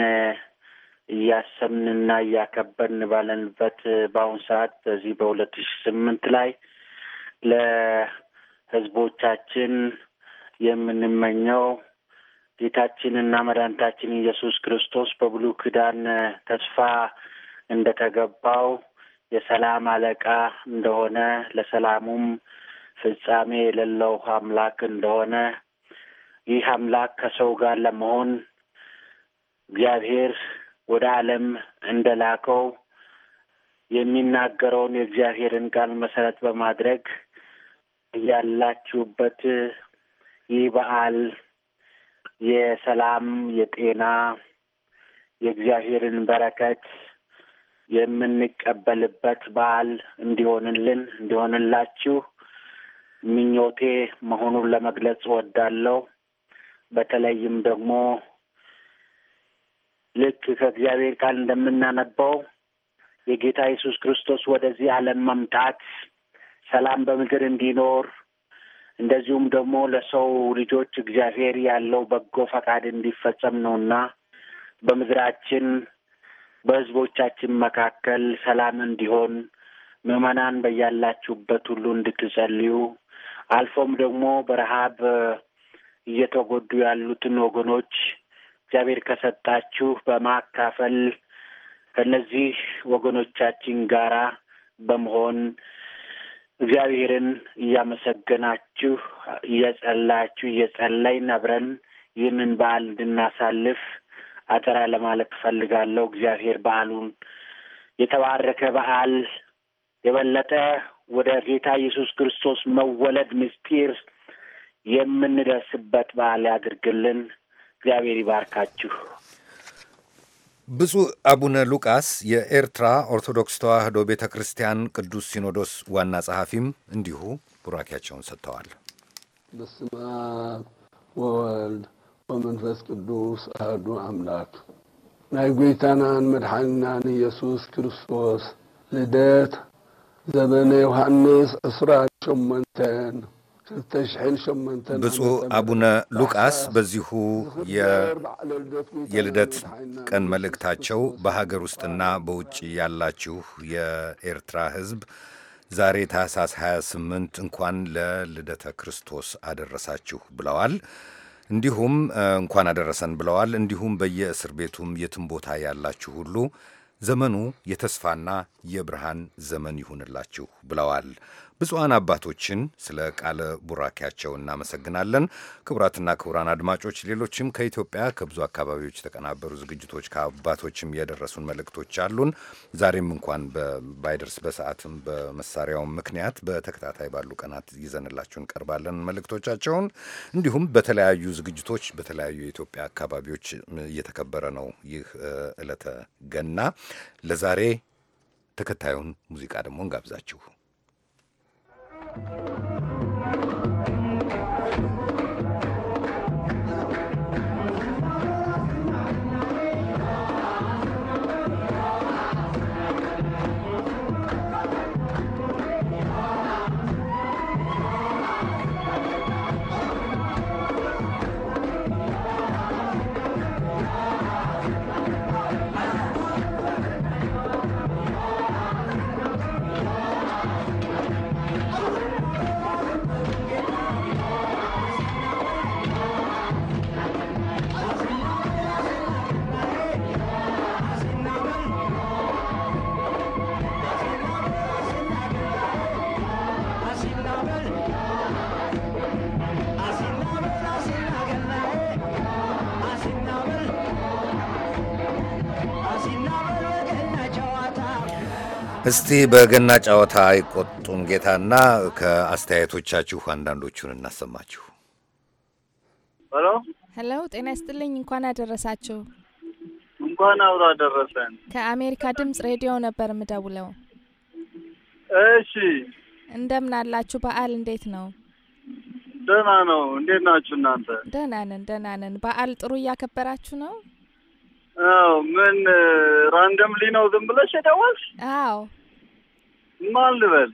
እያሰብንና እያከበርን ባለንበት በአሁን ሰዓት በዚህ በሁለት ሺ ስምንት ላይ ለህዝቦቻችን የምንመኘው ጌታችንና መድኃኒታችን ኢየሱስ ክርስቶስ በብሉ ኪዳን ተስፋ እንደተገባው የሰላም አለቃ እንደሆነ ለሰላሙም ፍጻሜ የሌለው አምላክ እንደሆነ ይህ አምላክ ከሰው ጋር ለመሆን እግዚአብሔር ወደ ዓለም እንደላከው የሚናገረውን የእግዚአብሔርን ቃል መሰረት በማድረግ ያላችሁበት ይህ በዓል የሰላም፣ የጤና፣ የእግዚአብሔርን በረከት የምንቀበልበት በዓል እንዲሆንልን እንዲሆንላችሁ ምኞቴ መሆኑን ለመግለጽ እወዳለሁ። በተለይም ደግሞ ልክ ከእግዚአብሔር ቃል እንደምናነበው የጌታ ኢየሱስ ክርስቶስ ወደዚህ ዓለም መምጣት ሰላም በምድር እንዲኖር እንደዚሁም ደግሞ ለሰው ልጆች እግዚአብሔር ያለው በጎ ፈቃድ እንዲፈጸም ነውና በምድራችን በሕዝቦቻችን መካከል ሰላም እንዲሆን ምዕመናን በያላችሁበት ሁሉ እንድትጸልዩ አልፎም ደግሞ በረሃብ እየተጎዱ ያሉትን ወገኖች እግዚአብሔር ከሰጣችሁ በማካፈል ከነዚህ ወገኖቻችን ጋራ በመሆን እግዚአብሔርን እያመሰገናችሁ እየጸላችሁ እየጸለይን አብረን ይህንን በዓል እንድናሳልፍ አጠራ ለማለት ፈልጋለሁ እግዚአብሔር በዓሉን የተባረከ በዓል የበለጠ ወደ ጌታ ኢየሱስ ክርስቶስ መወለድ ምስጢር የምንደርስበት በዓል ያድርግልን። እግዚአብሔር ይባርካችሁ። ብፁዕ አቡነ ሉቃስ የኤርትራ ኦርቶዶክስ ተዋሕዶ ቤተ ክርስቲያን ቅዱስ ሲኖዶስ ዋና ጸሐፊም እንዲሁ ቡራኪያቸውን ሰጥተዋል። በስመ አብ ወወልድ ወመንፈስ ቅዱስ አህዱ አምላክ ናይ ጐይታናን መድሓኒናን ኢየሱስ ክርስቶስ ልደት ዘበነ ዮሐንስ ዕስራ ሸሞንተን ብፁዕ አቡነ ሉቃስ በዚሁ የልደት ቀን መልእክታቸው በሀገር ውስጥና በውጭ ያላችሁ የኤርትራ ሕዝብ ዛሬ ታህሳስ 28 እንኳን ለልደተ ክርስቶስ አደረሳችሁ ብለዋል። እንዲሁም እንኳን አደረሰን ብለዋል። እንዲሁም በየእስር ቤቱም የትም ቦታ ያላችሁ ሁሉ ዘመኑ የተስፋና የብርሃን ዘመን ይሁንላችሁ ብለዋል። ብፁዓን አባቶችን ስለ ቃለ ቡራኪያቸው እናመሰግናለን። ክቡራትና ክቡራን አድማጮች ሌሎችም ከኢትዮጵያ ከብዙ አካባቢዎች የተቀናበሩ ዝግጅቶች ከአባቶችም የደረሱን መልእክቶች አሉን። ዛሬም እንኳን ባይደርስ በሰዓትም በመሳሪያው ምክንያት በተከታታይ ባሉ ቀናት ይዘንላችሁ እንቀርባለን መልእክቶቻቸውን። እንዲሁም በተለያዩ ዝግጅቶች በተለያዩ የኢትዮጵያ አካባቢዎች እየተከበረ ነው ይህ ዕለተ ገና። ለዛሬ ተከታዩን ሙዚቃ ደግሞ እንጋብዛችሁ። Thank you. እስቲ በገና ጨዋታ አይቆጡን ጌታና ከአስተያየቶቻችሁ አንዳንዶቹን እናሰማችሁ። ሄሎ ሄሎ፣ ጤና ይስጥልኝ። እንኳን አደረሳችሁ። እንኳን አብሮ አደረሰን። ከአሜሪካ ድምፅ ሬዲዮ ነበር የምደውለው። እሺ፣ እንደምን አላችሁ? በዓል እንዴት ነው? ደህና ነው። እንዴት ናችሁ እናንተ? ደህና ነን፣ ደህና ነን። በዓል ጥሩ እያከበራችሁ ነው? አዎ። ምን ራንደምሊ ነው ዝም ብለሽ የደወልሽ? አዎ። ማን ልበል?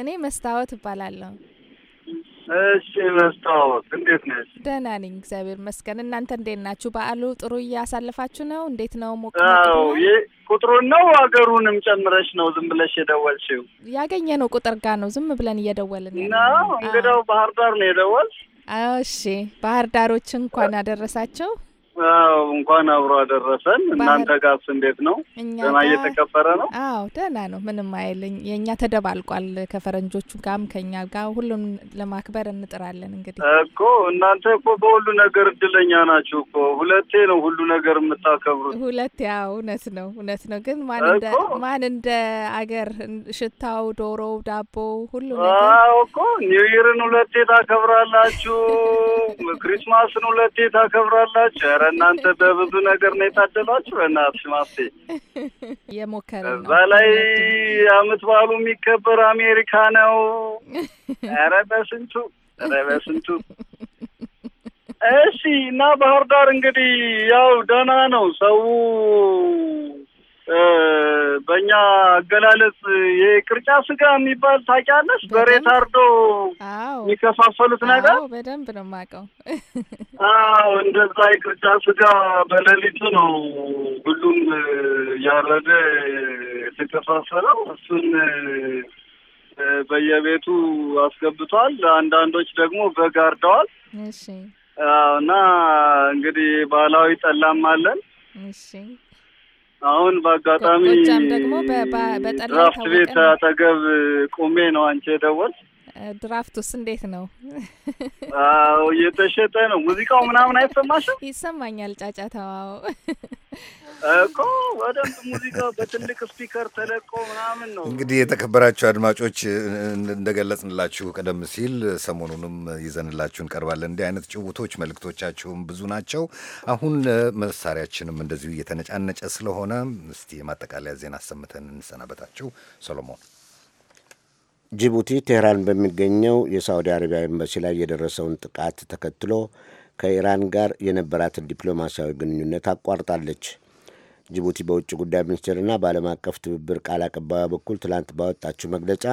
እኔ መስታወት እባላለሁ። እሺ መስታወት፣ እንዴት ነሽ? ደህና ነኝ እግዚአብሔር ይመስገን። እናንተ እንዴት ናችሁ? በዓሉ ጥሩ እያሳለፋችሁ ነው? እንዴት ነው? ሞቅ ቁጥሩን ነው ሀገሩንም ጨምረሽ ነው ዝም ብለሽ የደወልሽው? ያገኘ ነው ቁጥር ጋር ነው ዝም ብለን እየደወልን ነው። እንግዳው ባህር ዳር ነው የደወልሽ? እሺ ባህር ዳሮች እንኳን አደረሳቸው። እንኳን አብሮ አደረሰን። እናንተ ጋርስ እንዴት ነው? ደህና እየተከፈረ ነው? አዎ ደህና ነው፣ ምንም አይልኝ። የእኛ ተደባልቋል ከፈረንጆቹ ጋርም ከኛ ጋር ሁሉም ለማክበር እንጥራለን። እንግዲህ እኮ እናንተ እኮ በሁሉ ነገር እድለኛ ናችሁ እኮ። ሁለቴ ነው ሁሉ ነገር የምታከብሩት፣ ሁለቴ። አዎ እውነት ነው፣ እውነት ነው። ግን ማን እንደ ማን እንደ አገር ሽታው፣ ዶሮው፣ ዳቦ ሁሉ ነገር። እኮ ኒውይርን ሁለቴ ታከብራላችሁ፣ ክሪስማስን ሁለቴ ታከብራላችሁ። እናንተ በብዙ ነገር ነው የታደሏችሁ። በእናትሽ ማስቴ የሞከረ እዛ ላይ አመት በዓሉ የሚከበር አሜሪካ ነው። ኧረ በስንቱ ኧረ በስንቱ እሺ። እና ባህር ዳር እንግዲህ ያው ደህና ነው ሰው በእኛ አገላለጽ የቅርጫ ስጋ የሚባል ታውቂያለሽ? በሬ ታርዶ የሚከፋፈሉት ነገር በደንብ ነው የማውቀው። አዎ እንደዛ የቅርጫ ስጋ በሌሊቱ ነው ሁሉም ያረደ የተከፋፈለው። እሱን በየቤቱ አስገብቷል። አንዳንዶች ደግሞ በግ አርደዋል። እና እንግዲህ ባህላዊ ጠላም አለን። አሁን በአጋጣሚ ድራፍት ቤት አጠገብ ቁሜ ነው አንቺ የደወል ድራፍት ውስጥ እንዴት ነው? አዎ እየተሸጠ ነው። ሙዚቃው ምናምን አይሰማሽም? ይሰማኛል ጫጫታው እኮ በደንብ ሙዚቃ በትልቅ ስፒከር ተለቆ ምናምን ነው። እንግዲህ የተከበራችሁ አድማጮች እንደገለጽንላችሁ ቀደም ሲል ሰሞኑንም ይዘንላችሁ እንቀርባለን። እንዲህ አይነት ጭውቶች መልእክቶቻችሁም ብዙ ናቸው። አሁን መሳሪያችንም እንደዚሁ እየተነጫነጨ ስለሆነ እስቲ የማጠቃለያ ዜና አሰምተን እንሰናበታችሁ። ሰሎሞን ጅቡቲ ቴህራን በሚገኘው የሳውዲ አረቢያ ኤምባሲ ላይ የደረሰውን ጥቃት ተከትሎ ከኢራን ጋር የነበራትን ዲፕሎማሲያዊ ግንኙነት አቋርጣለች። ጅቡቲ በውጭ ጉዳይ ሚኒስቴርና በዓለም አቀፍ ትብብር ቃል አቀባዩ በኩል ትላንት ባወጣችው መግለጫ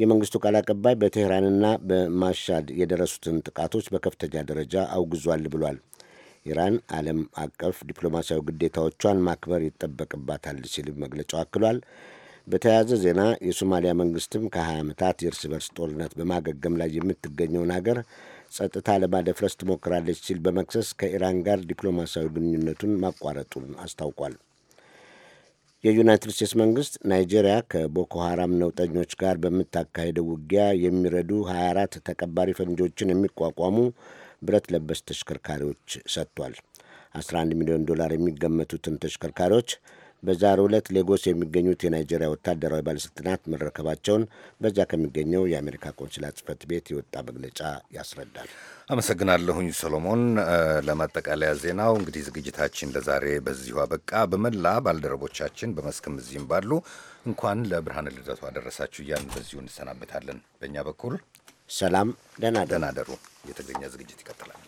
የመንግስቱ ቃል አቀባይ በቴህራንና በማሻድ የደረሱትን ጥቃቶች በከፍተኛ ደረጃ አውግዟል ብሏል። ኢራን ዓለም አቀፍ ዲፕሎማሲያዊ ግዴታዎቿን ማክበር ይጠበቅባታል ሲል መግለጫው አክሏል። በተያያዘ ዜና የሶማሊያ መንግስትም ከ20 ዓመታት የእርስ በርስ ጦርነት በማገገም ላይ የምትገኘውን ሀገር ጸጥታ ለማደፍረስ ትሞክራለች ሲል በመክሰስ ከኢራን ጋር ዲፕሎማሲያዊ ግንኙነቱን ማቋረጡን አስታውቋል። የዩናይትድ ስቴትስ መንግስት ናይጄሪያ ከቦኮ ሃራም ነውጠኞች ጋር በምታካሄደው ውጊያ የሚረዱ 24 ተቀባሪ ፈንጂዎችን የሚቋቋሙ ብረት ለበስ ተሽከርካሪዎች ሰጥቷል። 11 ሚሊዮን ዶላር የሚገመቱትን ተሽከርካሪዎች በዛሬ ዕለት ሌጎስ የሚገኙት የናይጄሪያ ወታደራዊ ባለሥልጣናት መረከባቸውን በዚያ ከሚገኘው የአሜሪካ ቆንስላ ጽሕፈት ቤት የወጣ መግለጫ ያስረዳል። አመሰግናለሁኝ ሰሎሞን። ለማጠቃለያ ዜናው እንግዲህ ዝግጅታችን ለዛሬ በዚሁ አበቃ። በመላ ባልደረቦቻችን በመስክም እዚህም ባሉ እንኳን ለብርሃን ልደቱ አደረሳችሁ እያን በዚሁ እንሰናበታለን። በእኛ በኩል ሰላም፣ ደህና ደሩ። ዝግጅት ይቀጥላል።